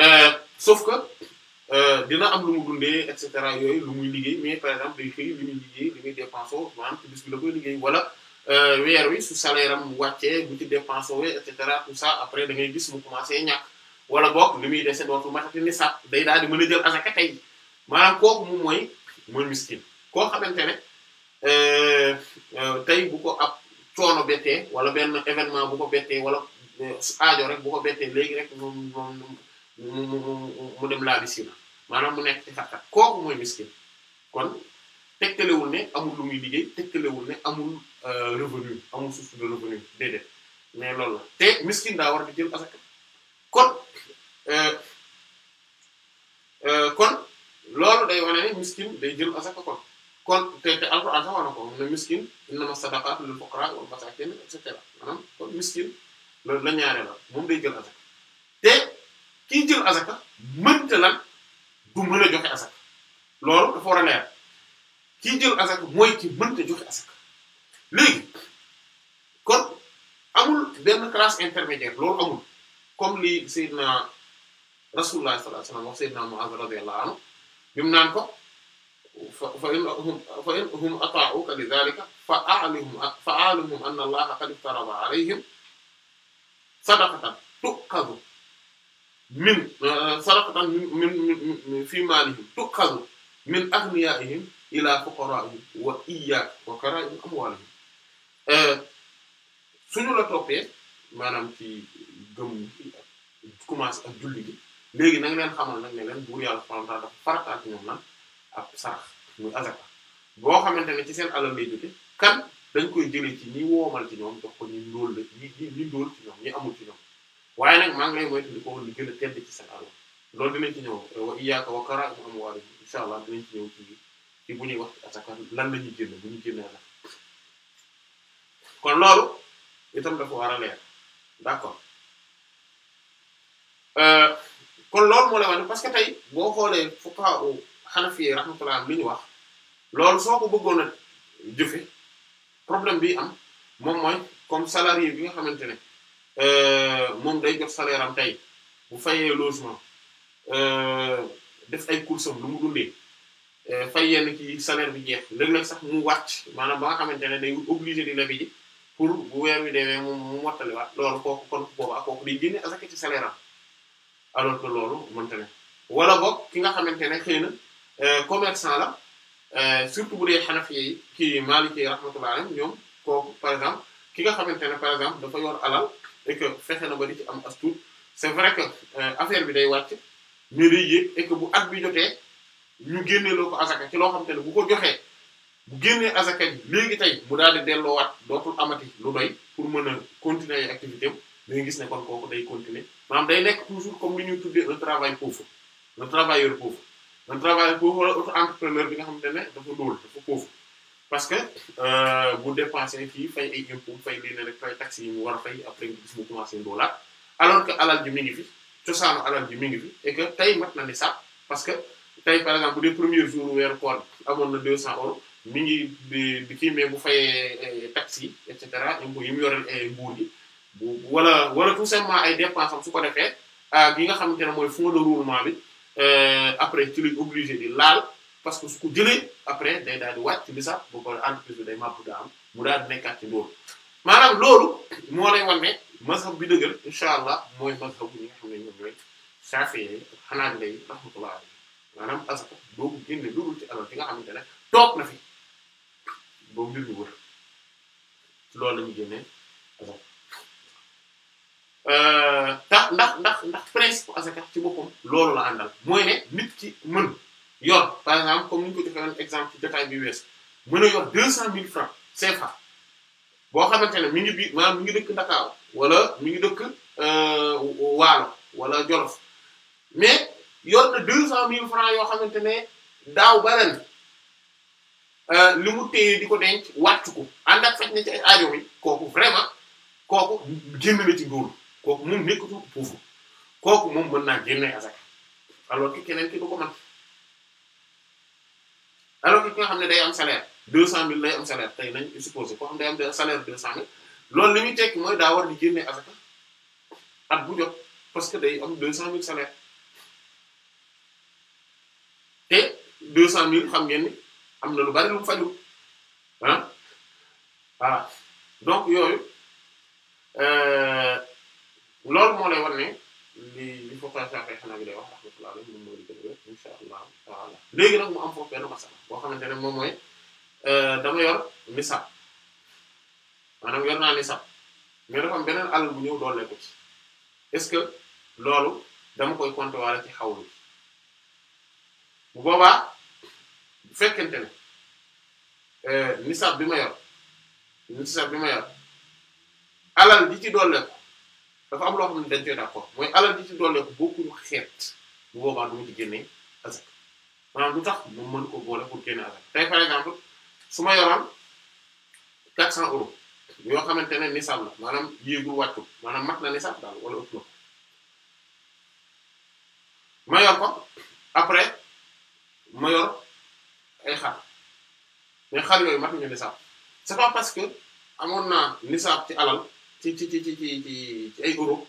euh, sauf euh, dina am lu mu dundee et cetera yooyu lu muy liggéey mais par exemple day xëy muy liggéey li muy dépensé maanaam ci bis koy liggéey wala weer wi su salaire mu wàccee bu ci dépensé wee et cetera tout ça après da ngay gis mu commencé ñàkk wala boog li muy dese dootu matati ni sax day daal di mën a jël asaka tey maanaam kooku moom mooy mooy miskin koo xamante ne euh, euh, tey bu ko ab coono bettee wala benn événement bu ko bettee wala euh, aajo rek bu ko bettee léegi rek moom moom mu dem laabisina maanaam mu nekk ci xat-xat kooku mooy miskin kon tegtalewul ne amul lu muy liggéey tegtalewul ne amul revenu amul source de revenu déedéet mais loolu la te miskin daa war di jël asaka kon kon loolu day wane miskin day jël asaka kon kon te te alxuraan sax wax na ko ne miskin innama sadaqatu lil fuqara wal masakin et cetera maanaam kon miskin la ñaare moom day jël asaka te kiy jël asaka mënta lan du mën a joxe asaka loolu dafa a leer kiy jël asaka mooy ki mënta joxe asaka léegi kon amul benn classe intermédiaire loolu amul comme li Seydina Rasulullah sallallahu alayhi wasallam wax Seydina Muaz radiyallahu bi mu naan ko fa fa in fa in hum ata'uka li dhalika fa a'limhum fa a'limhum anna allaha qad iftarada alayhim sadaqatan tuqadu min eh, sadaqatan min min fi maalihim tuqadu min aghniyaihim ila fuqaraihim wa iyyaaka wa kara'im amwaalihim eh, suñu la toppee maanaam ci gëm commencé ak julli gi léegi na leen xamal nag ne leen buur yàlla subhaanahu wa ta'aala dafa farata ak ñoom lan ak sarax muy azaka boo xamante ne ci seen alal lay jóge kan dañ koy jëlee ci ñi woomal ci ñoom jox ko ñu ndóol la ñi ñi ndóol amul ci ñoom maa ngi lay moytu di ko li gën ci seen alal loolu dinañ ci ñëw wa wa karaa'ima amwaalihim insha allah dinañ bu ñuy wax ci azaka lan la ñuy génne bu ñu génnee la kon loolu itam dafa war a leer d'accord euh, kon loolu moo lay wax parce que tey boo xoolee fuqaha hanafi rahmatullah li ñu wax lool soo ko bëggoon a jëfe problème bi am moom mooy comme salarié bi nga xamante ne euh, moom day jot salaire am tey bu fayee logement euh, def ay courses am lu mu dundee euh, fay yenn ci salaire bi jeex léeg-léeg sax mu wàcc maanaam ba nga xamante ne day obligé di bi ji pour gu weer wi deewee moom mu mottaliwaat loolu kooku kon boobaa kooku day génne asaka ci salaire am alors loolu mënta ne wala boog ki nga xamante ne xëy na euh, commerçant la euh, surtout bu dee xanafi yi kii Maliki yi rahmatullah ñoom kooku par exemple ki nga xamante ne par exemple dafa yor alal et fexe na ba di ci am as tuut c'est vrai que euh, affaire bi day wàcc mais day yéeg et bu at bi jotee ñu génnee loo ko azaka ci loo xamante ne bu ko joxee bu génnee azaka ji léegi tey mu daal di delloowaat dootul amati lu doy pour mën a continuer ay activité dañuy gis ne kon kooku day continuer maanaam day nekk toujours comme li ñuy tuddee un travail pauvre un travailleur pauvre un travailleur pauvre wala auto entrepreneur bi nga xamante ne dafa dóol dafa pauvre parce que euh, bu dépensé fii fay ay impôts fay lii ne fay taxes yi mu war a fay après nga gis mu commencé doolaat alors que alal ji mi ngi fi cosaanu alal ji mi ngi fi et que tey mat na ni sax parce que tey par exemple bu dee premier jour weeru koor amoon na 200 euros mi ngi di di kii mais bu fayee eh, taxes yi et cetera impôts yi mu yoreel eh, nguur gi. wala wala tout simplement ay dépenses am su ko defee ak ah, yi nga xamante ne mooy fonds de roulement bi euh, après ci lañ obligé di laal parce que su ko jëlee après day daal di wàcc bi sax bu ko entreprise bi day màpp daa am mu daal di nekkaat ci loolu maanaam loolu moo lay wan ne mazhab bi dëgër incha allah mooy mazhab bu ñi nga xam ne ñoom ñooy Shafi'i yi xanaa bi lay rahmatullah alayhi maanaam asaka doo ko génne dugul ci alal fi nga xamante ne toog na fi boobu mbir mi wër loolu la génnee Euh, ndax ndax ndax ndax principe asaka ci boppam loolu la àndal mooy ne nit ki mën yor par exemple comme ni ñu ko defee woon exemple ci bi wees mën a yor deux cent mille francs CFA boo xamante ne mi ngi bi maanaam mi ngi dëkk Ndakaaru wala mi ngi dëkk euh, Waalo wala Jolof mais yor na yoo xamante ne daaw baren euh, li mu di ko denc wàcc ko ànd ci ay aajo kooku vraiment kooku génn na ci loolu kooku moom nekkatul ku kooku moom mën naa génne asaka alors que keneen ki du ko mën alors que ki nga xam ne day am salaire deux cent mille lay am salaire tey nañ supposé koo xam day am deux cent mille loolu li muy tekki mooy daa war di génne asaka at bu jot parce que day am deux cent mille salaire te deux cent mille xam ngeen ni am na lu bari lu faju ah voilà donc yooyu. Euh, loolu moo lay war ne li li fokka saafee xanaa bi day wax rahmatullah alayhi moom moo di gën a wér insha allah taala léegi nag mu am foofu benn masala boo xamante ne moom mooy euh, dama yor nisab maanaam yor naa nisab mais dafa am beneen alal bu ñëw doole ko ce que loolu dama koy compter waale ci boobaa bu fekkente ne euh, nisab bi ma yor nisab bi ma yor alal di ci doole dafa am loo xam ne dañ koy d'accord mooy alal ji ci dooleeku bokkuñu xeet bu boobaa du ma ci génne azak maanaam lu tax moom mën ko boole pour génne azak tey par exemple su ma yoraan 400 euros yoo xamante ne nisaab la maanaam yéegul wàccu maanaam mat na nisaab daal wala ëpp na ma yor ko après ma yor ay xar yooyu mat nañu nisaab c'est pas parce que amoon naa nisaab ci alal. ci ci ci ci ci ci ay euro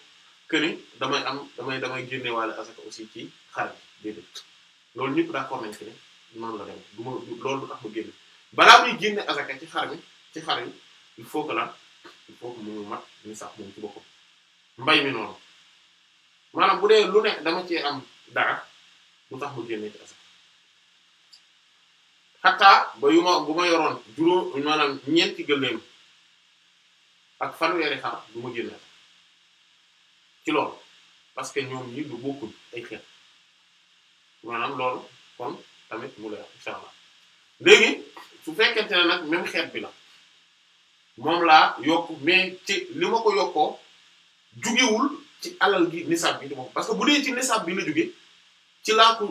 que ni damay am damay damay génne waale asaka aussi ci xar bi déedéet loolu ñëpp d'accord nañ ci ne noonu la dem du ma loolu du tax ma génne balaa muy génne asaka ci xar mi ci xar mi il faut que la il faut que mu mat ni sax moom ci boppam mbay mi noonu maanaam bu dee lu ne dama cee am dara du tax ma génne ci asaka xataa ba yu ma bu ma yoroon juróom maanaam ñeenti gëléem ak fanweeri xar du ma génn ci loolu parce que ñoom ñi du bokkul ay xeet maanaam loolu kon tamit mu ne nag même xeet la yokk mais ci li ma ko yokkoo jugewul ci alal gi nisab bi di moom parce que bu dee ci nisab bi la jóge ci laa ko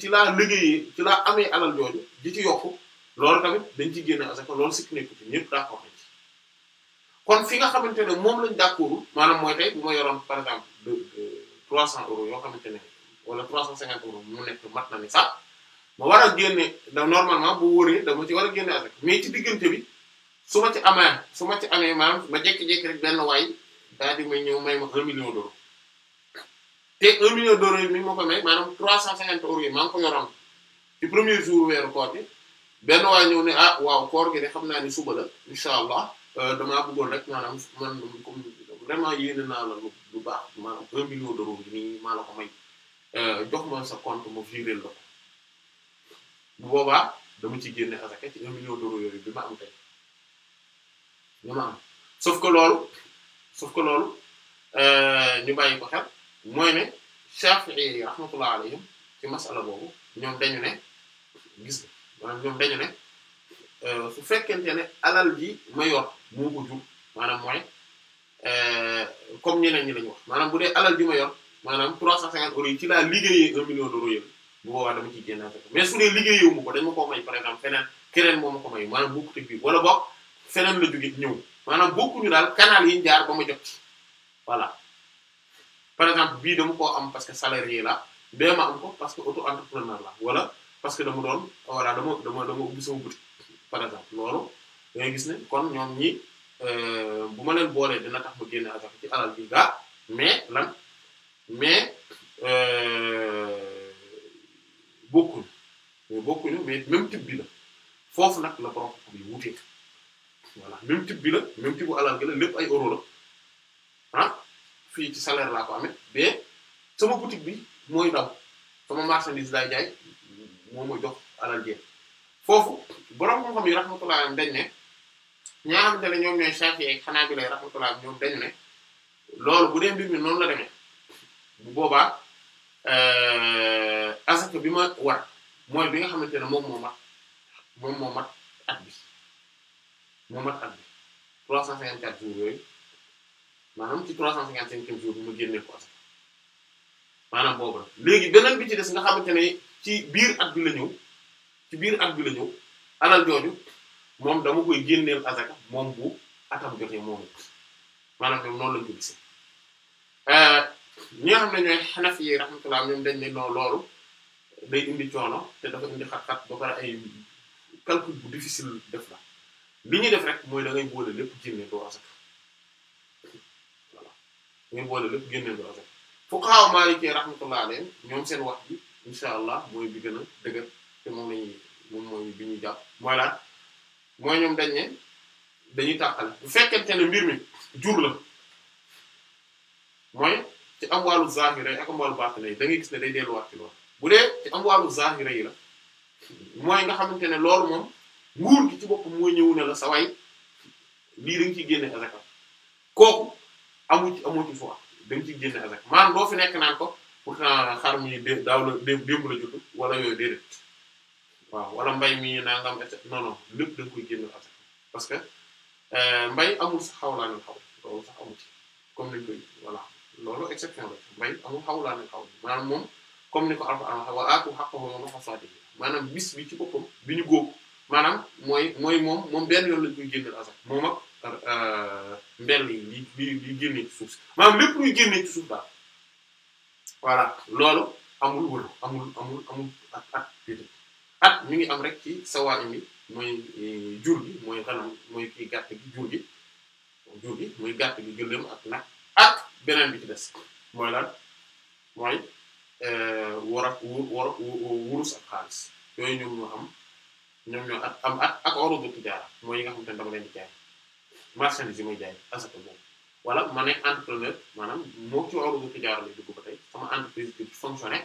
ci laa liggéeyee ci laa amee alal jooju di ci yokk loolu tamit dañ ci génne asaka loolu sikk nekku ci ñëpp d'accord kon fi nga xamante ne moom lañ d'accord maanaam mooy tey bu ma yoroon par exemple deux trois cent euros yoo xamante ne wala trois cent cinquante euros mu nekk mat na ni ma war a génne da normalement bu wóoree dama ci war a génne ci diggante bi su ma ci amee su ma ci amee maanaam ma jékki-jékki rek benn waay daal di may ñëw may ma un million d'euros te un million d'euros yi mi ma ko may maanaam trois cent cinquante euros yi maa ngi ko yoroon ci premier jour weeru koor bi benn waay ñëw ne ah waaw koor gi de xam naa ni suba la incha allah Euh, damaa bëggoon rek maanaam man comme vraiment yéene naa la lu baax maanaam un million d'euros bi maa la ko may euh, jox ma sa compte ma viré la ko bu boobaa dama ci génne asaka ci un million d'euros yooyu bi ma am tey ñu ma am sauf que loolu sauf que loolu euh, ñu bàyyi ko xel mooy ne Shafi'i rahmatullah alayhim ci masala boobu ñoom dañu ne gis nga maanaam ñoom dañu ne Euh, su fekkente ne alal ji ma yor moo ko maanaam mooy euh, comme ñeneen ñi lañu wax maanaam bu dee alal ji ma yor maanaam 350 euros yi ci laa liggéeyee 1 million d'euros yëpp bu boobaa dama ciy génnaat mais su dee liggéeyoo ma ko dañ ma koo may par exemple feneen keneen moo ma ko may maanaam bokkut ak bii wala boog feneen la jóge ñëw maanaam bokkuñu daal canal yi ñu jaar ba ma jot ci voilà par exemple bii dama koo am parce que salarié la bee ma am ko parce wala parce que dama doon voilà dama dama dama ubbi par exemple loolu da ngay gis ne kon ñoom ñi euh, bu ma leen boolee dina tax ba génne azaka ci alal bi gaa mais lan mais euh, bokkuñu mais bokkuñu mais même type bi la foofu nag la borom bi wutee voilà même type bi la même type bu alal gi la lépp ay euro la ah, fii ci salaire laa ko amee mais sama boutique bi mooy daw sama marchandise laay jaay moo ma jox alal jeex. foofu borom xam-xam yi rahmatullah dañ ne ñi nga xamante ne ñoom ñooy Shafi'i ak Hanabila rahmatullah ñoom dañ ne loolu bu dee mbir mi noonu la demee bu boobaa euh, asaka bi ma war mooy bi nga xamante ne moom moo mat moom moo mat at bi moo mat at bi 354 jours yooyu maanaam ci 355 jours bi ma génnee ko asaka maanaam boobu léegi beneen bi ci des nga xamante ne ci biir at bi la ñëw. ci biir at bi la ñëw alal jooju moom dama koy génneel azaka moom bu atam jotee moomu maanaam ñoom noonu lañ ko gisee euh, ñi nga xam ne ñooy xanafi yi rahmatullah ne non loolu day indi coono te dafa indi xat-xat ba pare ay calcul bu difficile def la li ñuy def rek mooy da ngay boole lépp génne doo azaka voilà da ngay boole lépp génne doo ñoom seen wax bi incha allah mooy bi gën a dëgër. te moom la moom mooy bi ñuy jàpp mooy lan mooy ñoom dañ ne dañuy tàqale bu fekkente ne mbir mi jur la mooy ci am wàllu zahira yi ak am wàllu baatina yi da gis ne day delluwaat ci loolu bu dee ci am wàllu zahira yi la mooy nga xamante ne loolu moom nguur gi ci bopp mooy ñëw ne la sa way lii dañ ci génne azaka kooku amu ci amu ci foi dañ ciy génne azaka maanaam doo fi nekk naan ko pourtant xar mi daaw la démb la judd wala yooyu déedéet waaw wala mbay mi nangam et non non lépp da nga koy génne asaka parce que euh, mbay amul sax xaw loolu sax amu ci comme ni ñu loolu exception la mbay amul xawlaanal xaw maanaam moom comme ni ko am waxee wa aatu haqqahu yawma hasaadihi maanaam bis bi ci boppam bi ñu góob maanaam mooy mooy moom moom benn yoon lañ koy génneel asaka moom ak euh, mbell yi li li génnee ci suuf si maanaam lépp luy génnee ci suuf daal voilà loolu amul wëlu amul amul amul ak ak at ah, mi ngi am rek ci sawaay mi mooy eh, jur gi mooy xanam mooy kii gàtt gi jur gi jur gi mooy gàtt gi gëléem ak nag ak beneen bi ci des mooy lan mooy eh, war ak war wurus ak xaalis yooyu ñoom ñoo am ñoom ñoo at am ak oru tijaara mooy yi nga xamante ne dama leen di jaay marchandise may jaay asaka boobu wala ma nekk entrepreneur maanaam moo ci oru tijaara lay dugg ba tey sama entreprise bi fonctionné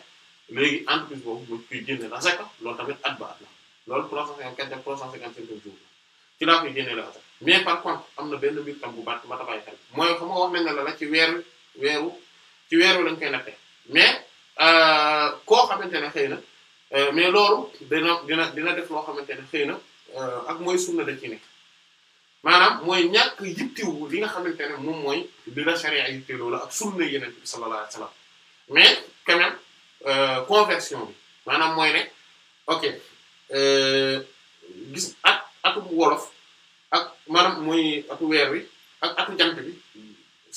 léegi entreprise boobu ñu koy génne la asaka loolu tamit at ba at la loolu 354 355 jours ci laa koy génne la asaka mais par contre am na benn mbir tam bu baax ma tabaay xel mooy xam nga wax na la la ci weer weeru ci weeru lañ koy nattee mais euh, koo xamante ne xëy na euh, mais loolu dina dina def loo xamante ne xëy na euh, ak mooy sunna da ci nekk maanaam mooy ñàkk yittiwu li nga xamante ne moom mooy di la sharia yitteeloo la ak sunna yeneen bi sallallahu alayhi Euh, conversion bi maanaam mooy ne ok euh, gis at atu wolof ak maanaam mooy atu weer wi ak atu jant bi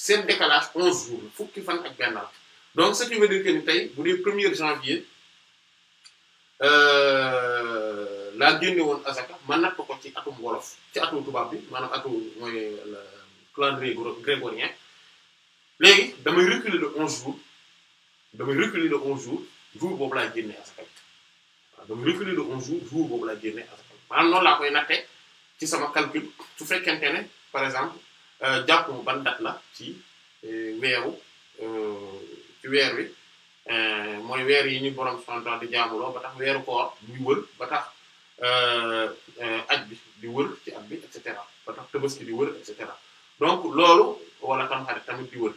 seen décalage onze jours la fukki fan ak benn la donc ce qui veut dire que ni tey bu dee premier janvier euh, laa génne woon asaka ma natt ko ci atum wolof ci atu tubaab bi maanaam atu mooy calendrier grégorien léegi damay reculer de onze jours damay reculer de onze jour boobu laay génne asaka waaw damay reculer de onze jours jour boobu laay génne asaka maanaam noonu laa koy natte ci sama calcul su fekkente ne par exemple euh, jàppuma ban date ci euh, weeru euh, ci weer wi mooy weer yi ñu borom santal di jaamuloo ba tax weeru koor muy wër ba tax aj bi di wër ci at bi et cetera ba tax tabaski di wër et cetera donc loolu wala tamxarit tamit di wër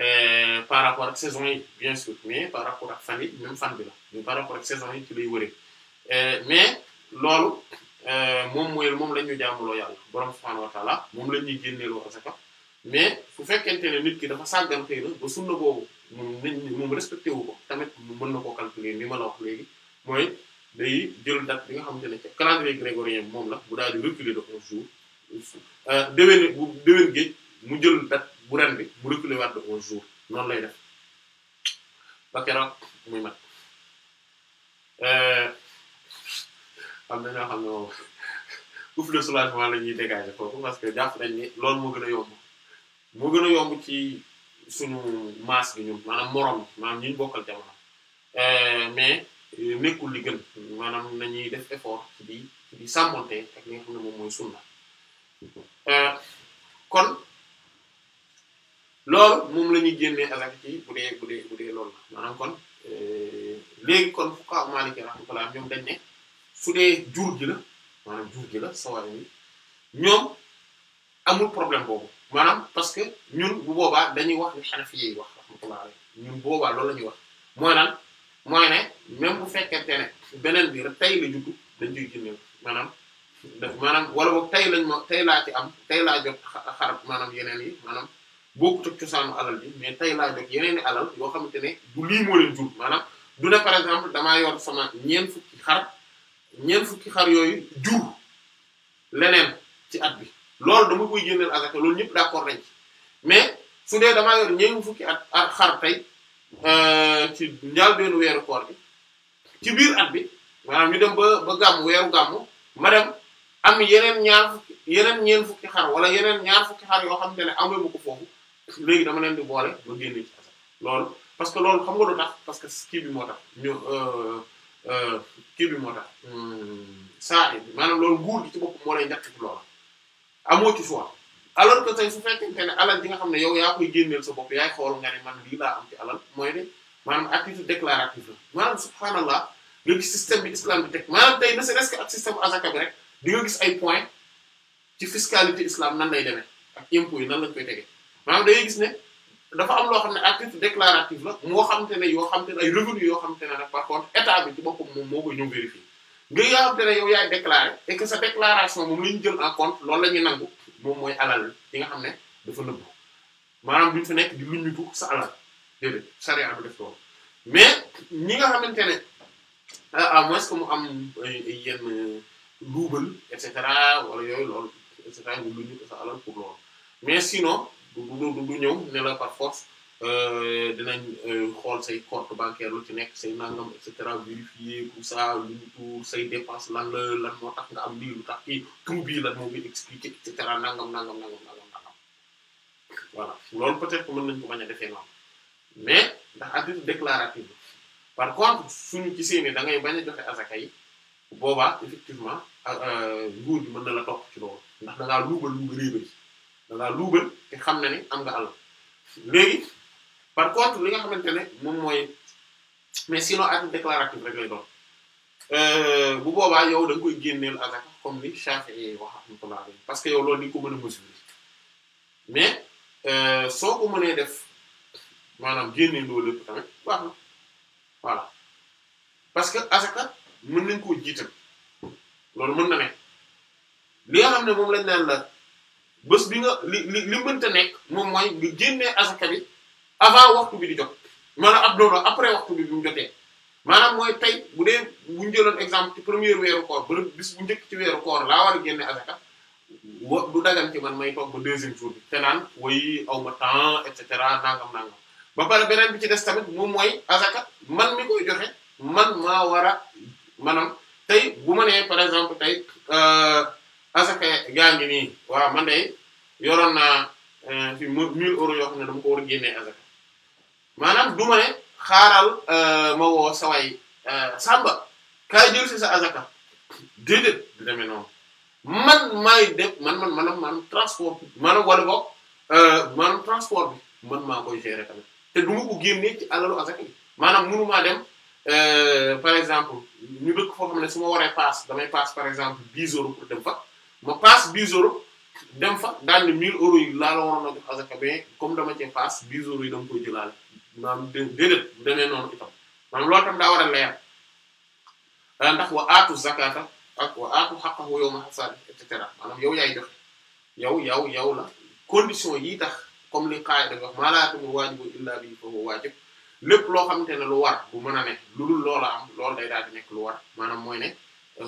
Euh, par rapport ak saison yi bien sûr mais par rapport ak fan yi même fan bi la mais par rapport ak saison yi ci lay wëree euh, mais loolu euh, moom mooy moom la ñu jàmbaloo yàlla borom subhaanahu wa moom la ñuy génneeloo asaka mais su fekkente ne nit ki dafa sàggan xëy ba sunna boobu moom nañ moom respecté wu ko tamit mën na koo calculer ni ma la wax mooy day jël date bi nga xamante ne ca calendrier grégorien moom la bu daal di reculer de un jour déwén bu géej mu jël date bu ren bi bu reculer waat de un jour noonu lay def ba keroog muy mat euh, am xam ne moom ouf de soulagement la ñuy dégager foofu parce que jàpp nañ ni moo gën a yomb moo gën a yomb ci suñu masse bi ñun maanaam moroom maanaam ñi ñu bokkal jamono euh, mais nekkul li maanaam nañuy def effort di ci ak li xam ne moom mooy sunna euh, kon. loolu moom la ñuy génnee azaka ci bu dee bu dee bu loolu la maanaam kon euh, léegi kon fuqaha Maliki rahmatullah ñoom dañ ne su dee jur gi la maanaam jur ji la sawar ñoom amul problème boobu maanaam parce que ñun bu boobaa dañuy wax li Hanafi yi wax rahmatullah boobaa loolu la ñuy wax mooy lan mooy ne même bu fekkente ne beneen bi rek tey la juddu dañ duy génneel maanaam daf maanaam wala boog tey lañ ma tey laa ci am tey laa jot xarab maanaam yeneen yi maanaam bokkut ak cosaanu alal bi mais tey laa jot yeneen i alal yoo xamante ne du lii moo leen jur maanaam du ne par exemple damaa yor sama ñeen fukki xar ñeen fukki xar yooyu jur leneen ci at bi loolu dama koy génneel azaka loolu ñëpp d'accord nañ mais su dee damaa yor fukki at at ah, xar tey euh, ci njàlbéenu weeru koor bi ci biir at bi maanaam ñu dem ba ba gàmm weeru gàmm ma dem am yeneen ñaar fukki yeneen ñeen fukki xar wala yeneen ñaar fukki xar yoo xamante ne amee ma ko foofu. léegi dama leen di boole ma génne ci asaka loolu parce que loolu xam nga lu tax parce que kii bi moo tax ñu euh, euh, kii hmm, saa bi maanaam loolu nguur gi ci bopp moo lay njëkk ci loola amoo ci choix alal ji nga xam ne yow yaa koy génneel sa bopp yaay xool nga lii laa am mooy ne maanaam activité déclarative la maanaam subhaanallah nga gis système bi islam bi teg maanaam tey ne c'est que ak système azaka bi rek di nga gis ay points ci fiscalité islam nan lay demee ak impôts yi nan lañ koy tegee maanaam da ngay gis ne dafa am loo xam ne à titre déclaratif la moo xamante ne yoo xamante ne ay revenus yoo xamante ne nag par contre état bi ci boppam moom moo ko ñëw vérifier nga yoo xamante ne yow yaay déclarer et que sa déclaration moom la ñu jël en compte loolu la ñuy nangu moom mooy alal yi nga xam ne dafa nëbbu maanaam duñ fa nekk di ñu sa alal déedéet charia du mais ñi nga xamante ne à moins que mu am yenn luubal et cetera wala yooyu loolu et cetera ñu mais sinon. du du ñëw ne la par force euh, dinañ euh, xool say compte bancaire lu ci nekk say nangam et cetera vérifier tout ça lu tout say dépense lan la lan moo tax nga am lii lu tax kii tout bii lan moo ngi expliqué et cetera nangam nangam nangam nangam nangam voilà loolu peut-être mën nañ ko bañ a mais ndax attitude déclarative par contre suñu gisee ni da ngay bañ a joxe asaka yi boobaa effectivement euh, nguur gi mën na la topp ci loolu ndax da luubal lu nga réebari la luubal te xam na ni am nga alal léegi par contre li nga xamante moom mooy mais sinon acte déclaratif rek lay doon euh, bu boobaa yow da koy génneel azaka comme ni Shafi'i wax rahmatullah parce que yow loolu ni ko mën a mesurer mais euh, soo ko mënee def maanaam génneel loolu lépp tamit baax parce que azaka mën nañ koo jiital loolu mën na ne li nga xam ne moom lañ naan la bës bi nga li li li mënta nekk moom mooy nga génnee asaka bi avant waxtu bi di jot maanaam ab doon après waxtu bi bi mu jotee maanaam mooy tey bu dee bu ñu jëloon exemple ci premier weeru koor ba bis bu njëkk ci weeru koor laa war a génne asaka wa du dagan ci man may toog ba deuxième jour te naan way aw ma temps et cetera nangam nangam ba pare beneen bi ci des tamit moom mooy asaka man mi koy joxe man maa war a tey bu ma nee par exemple tey. Euh, asaka yaa ngi nii waaw man de yoroon naa euh, fi mille euros yoo xam ne dama ko war a génnee asaka maanaam du ma ne xaaral euh, ma woo saway euh, sàmba kaay jël ci sa asaka déedéet du demee noonu man maay def man man maanaam maanaam transport bi maanaam wala boog transport bi man maa koy gérer tamit te du ma ko génnee ci alalu asaka bi maanaam mënu dem par exemple ñu dëkk foo xam ne su ma waree paas damay paas par exemple dix euros pour dem fa ma passe 10 euros dem fa daan ne 1000 euros yi laa la waroon a def asaka mais comme dama cee passe 10 euros yi dama koy jëlaale maanaam déedéet bu demee noonu itam maanaam loolu tam daa war a leer ah, ndax wa aatu zakata ak wa aatu haqqahu yawma hasadi et cetera maanaam yow yaay joxe yow yow yow la condition yi tax comme li xaay dafa wax malaatumu waajibu illa bi fa huwa waajib lépp loo xamante ne lu war bu mën a ne lu dul loola am loolu day daal nekk lu war maanaam mooy ne.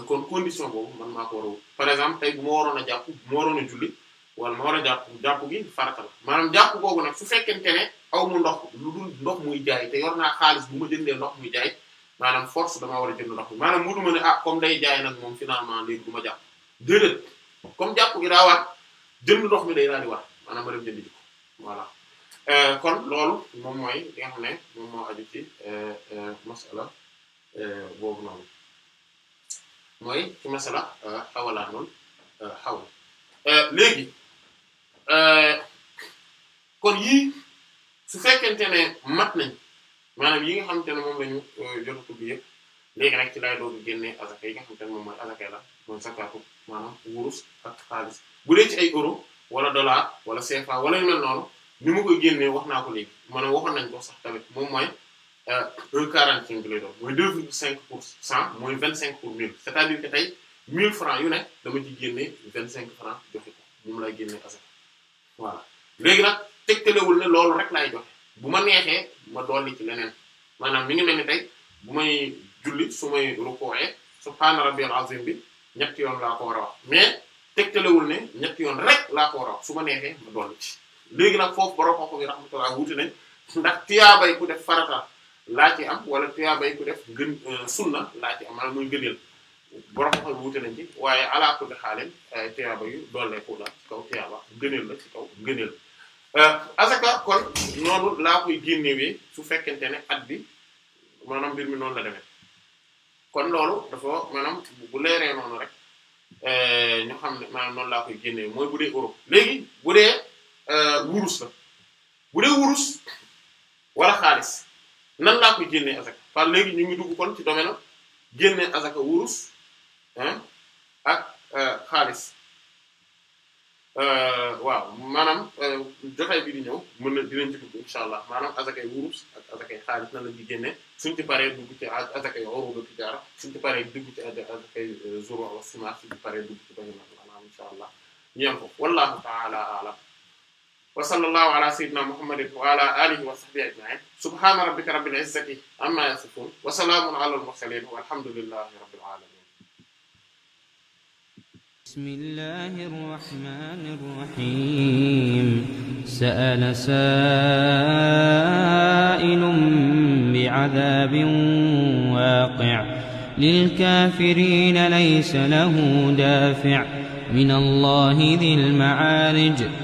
kon condition boobu man maa ko par exemple tey bu ma waroon a jàpp bu ma waroon a julli wala ma war a jàpp jàpp gi farata la maanaam jàpp googu nag su fekkente ne aw mu ndox lu ndox mu jaay te yor naa xaalis bu ma jëndee ndox muy jaay maanaam force dama war a jënd ndox mi maanaam mu duma ne ah kom day jaay nag moom finalement léegi du ma jàpp déedéet comme jàpp gi daa war ndox mi day daal di a maanaam ma dem jëndi ko voilà euh, kon loolu moom mooy li nga xam ne moom moo euh, euh, boobu noonu mooy ci masala euh, xawalaa noonu euh, xaw euh, léegi kon yii su fekkente ne mat nañ maanaam yi nga xamante ne moom la ñu jot a tudd yëpp léegi nag ci lay doog génnee azaka yi nga xamante ne moom mooy azaka la mooy zakatu maanaam wurus ak xaalis bu dee ci ay wala dollar wala CFA wala yu mel noonu ni koy génnee wax naa ko léegi maanaam waxoon nañ ko sax tamit moom mooy. un euh, quarante cinq lay doon mooy deux virgule cinq pour cent mooy vingt cinq pour mille cest à tey mille francs yu ne dama ci génne vingt cinq francs joxe ko moom lay génne asaka voilà léegi nag tegtalewul ne loolu rek laay joxe bu ma neexee ma dolli ci leneen maanaam mi ngi mel ni tey bu may julli su may rukkooyee subhaana rabbiyal azim bi ñetti yoon laa ko war a wax mais tegtalewul ne ñetti yoon rek laa ko war su ma neexee ma dolli ci léegi nag foofu borom kooku bi laa ci am wala tuyaabay ku def gën euh, sunna laa ci am maanaam muy gëneel borom xol wuute nañ waaye ala kulli xaaleen euh, tuyaaba yu dooleeku la ci kaw tuyaaba gëneel la ci kaw gëneel euh, asaka kon noonu laa koy génnewee su fekkente ne at bi maanaam mbir mi noonu la demee kon loolu dafa maanaam bu leeree noonu rek ñu xam ne maanaam noonu laa koy génnewee mooy bu dee Europe léegi bu dee wurus la bu dee wurus wala xaalis nan laa koy génnee asaka par léegi ñu ngi dugg kon ci domaine am génnee asaka wurus ak euh, xaalis euh, waaw maanaam euh, jotaay bi di ñëw mën na dinañ ci dugg incha allah maanaam asakay wurus ak asakay xaalis nan la ñuy suñ ci paree dugg ci asakay oruba tijaara suñ ci paree dugg ci asakay zurwa wa simaar suñ ci paree dugg ci bañu maanaam incha allah ñu ko wallahu ta'ala a'lam wa sallallahu ala sayyidina muhammadin wa ala alihi wa sahbihi ajma'in subhana rabbika rabbil izzati amma yasifun wa salamun ala al mursalin walhamdulillahi rabbil alamin bismillahir rahmanir rahim sa'ala sa'ilun bi'adabin waqi' للكافرين ليس له دافع من الله ذي المعارج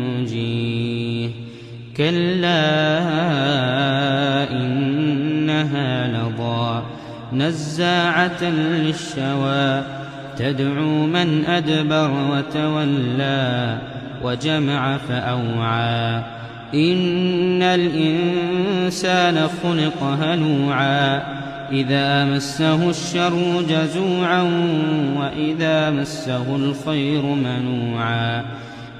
كلا إنها لضا نزاعة للشوى تدعو من أدبر وتولى وجمع فأوعى إن الإنسان خلق هلوعا إذا مسه الشر جزوعا وإذا مسه الخير منوعا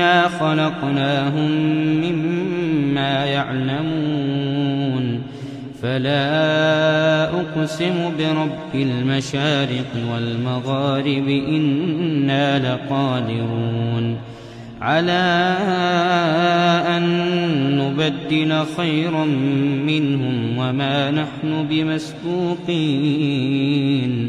إِنَّا خَلَقْنَاهُمْ مِمَّا يَعْلَمُونَ فَلَا أُقْسِمُ بِرَبِّ الْمَشَارِقِ وَالْمَغَارِبِ إِنَّا لَقَادِرُونَ على أن نبدل خيرا منهم وما نحن بمسبوقين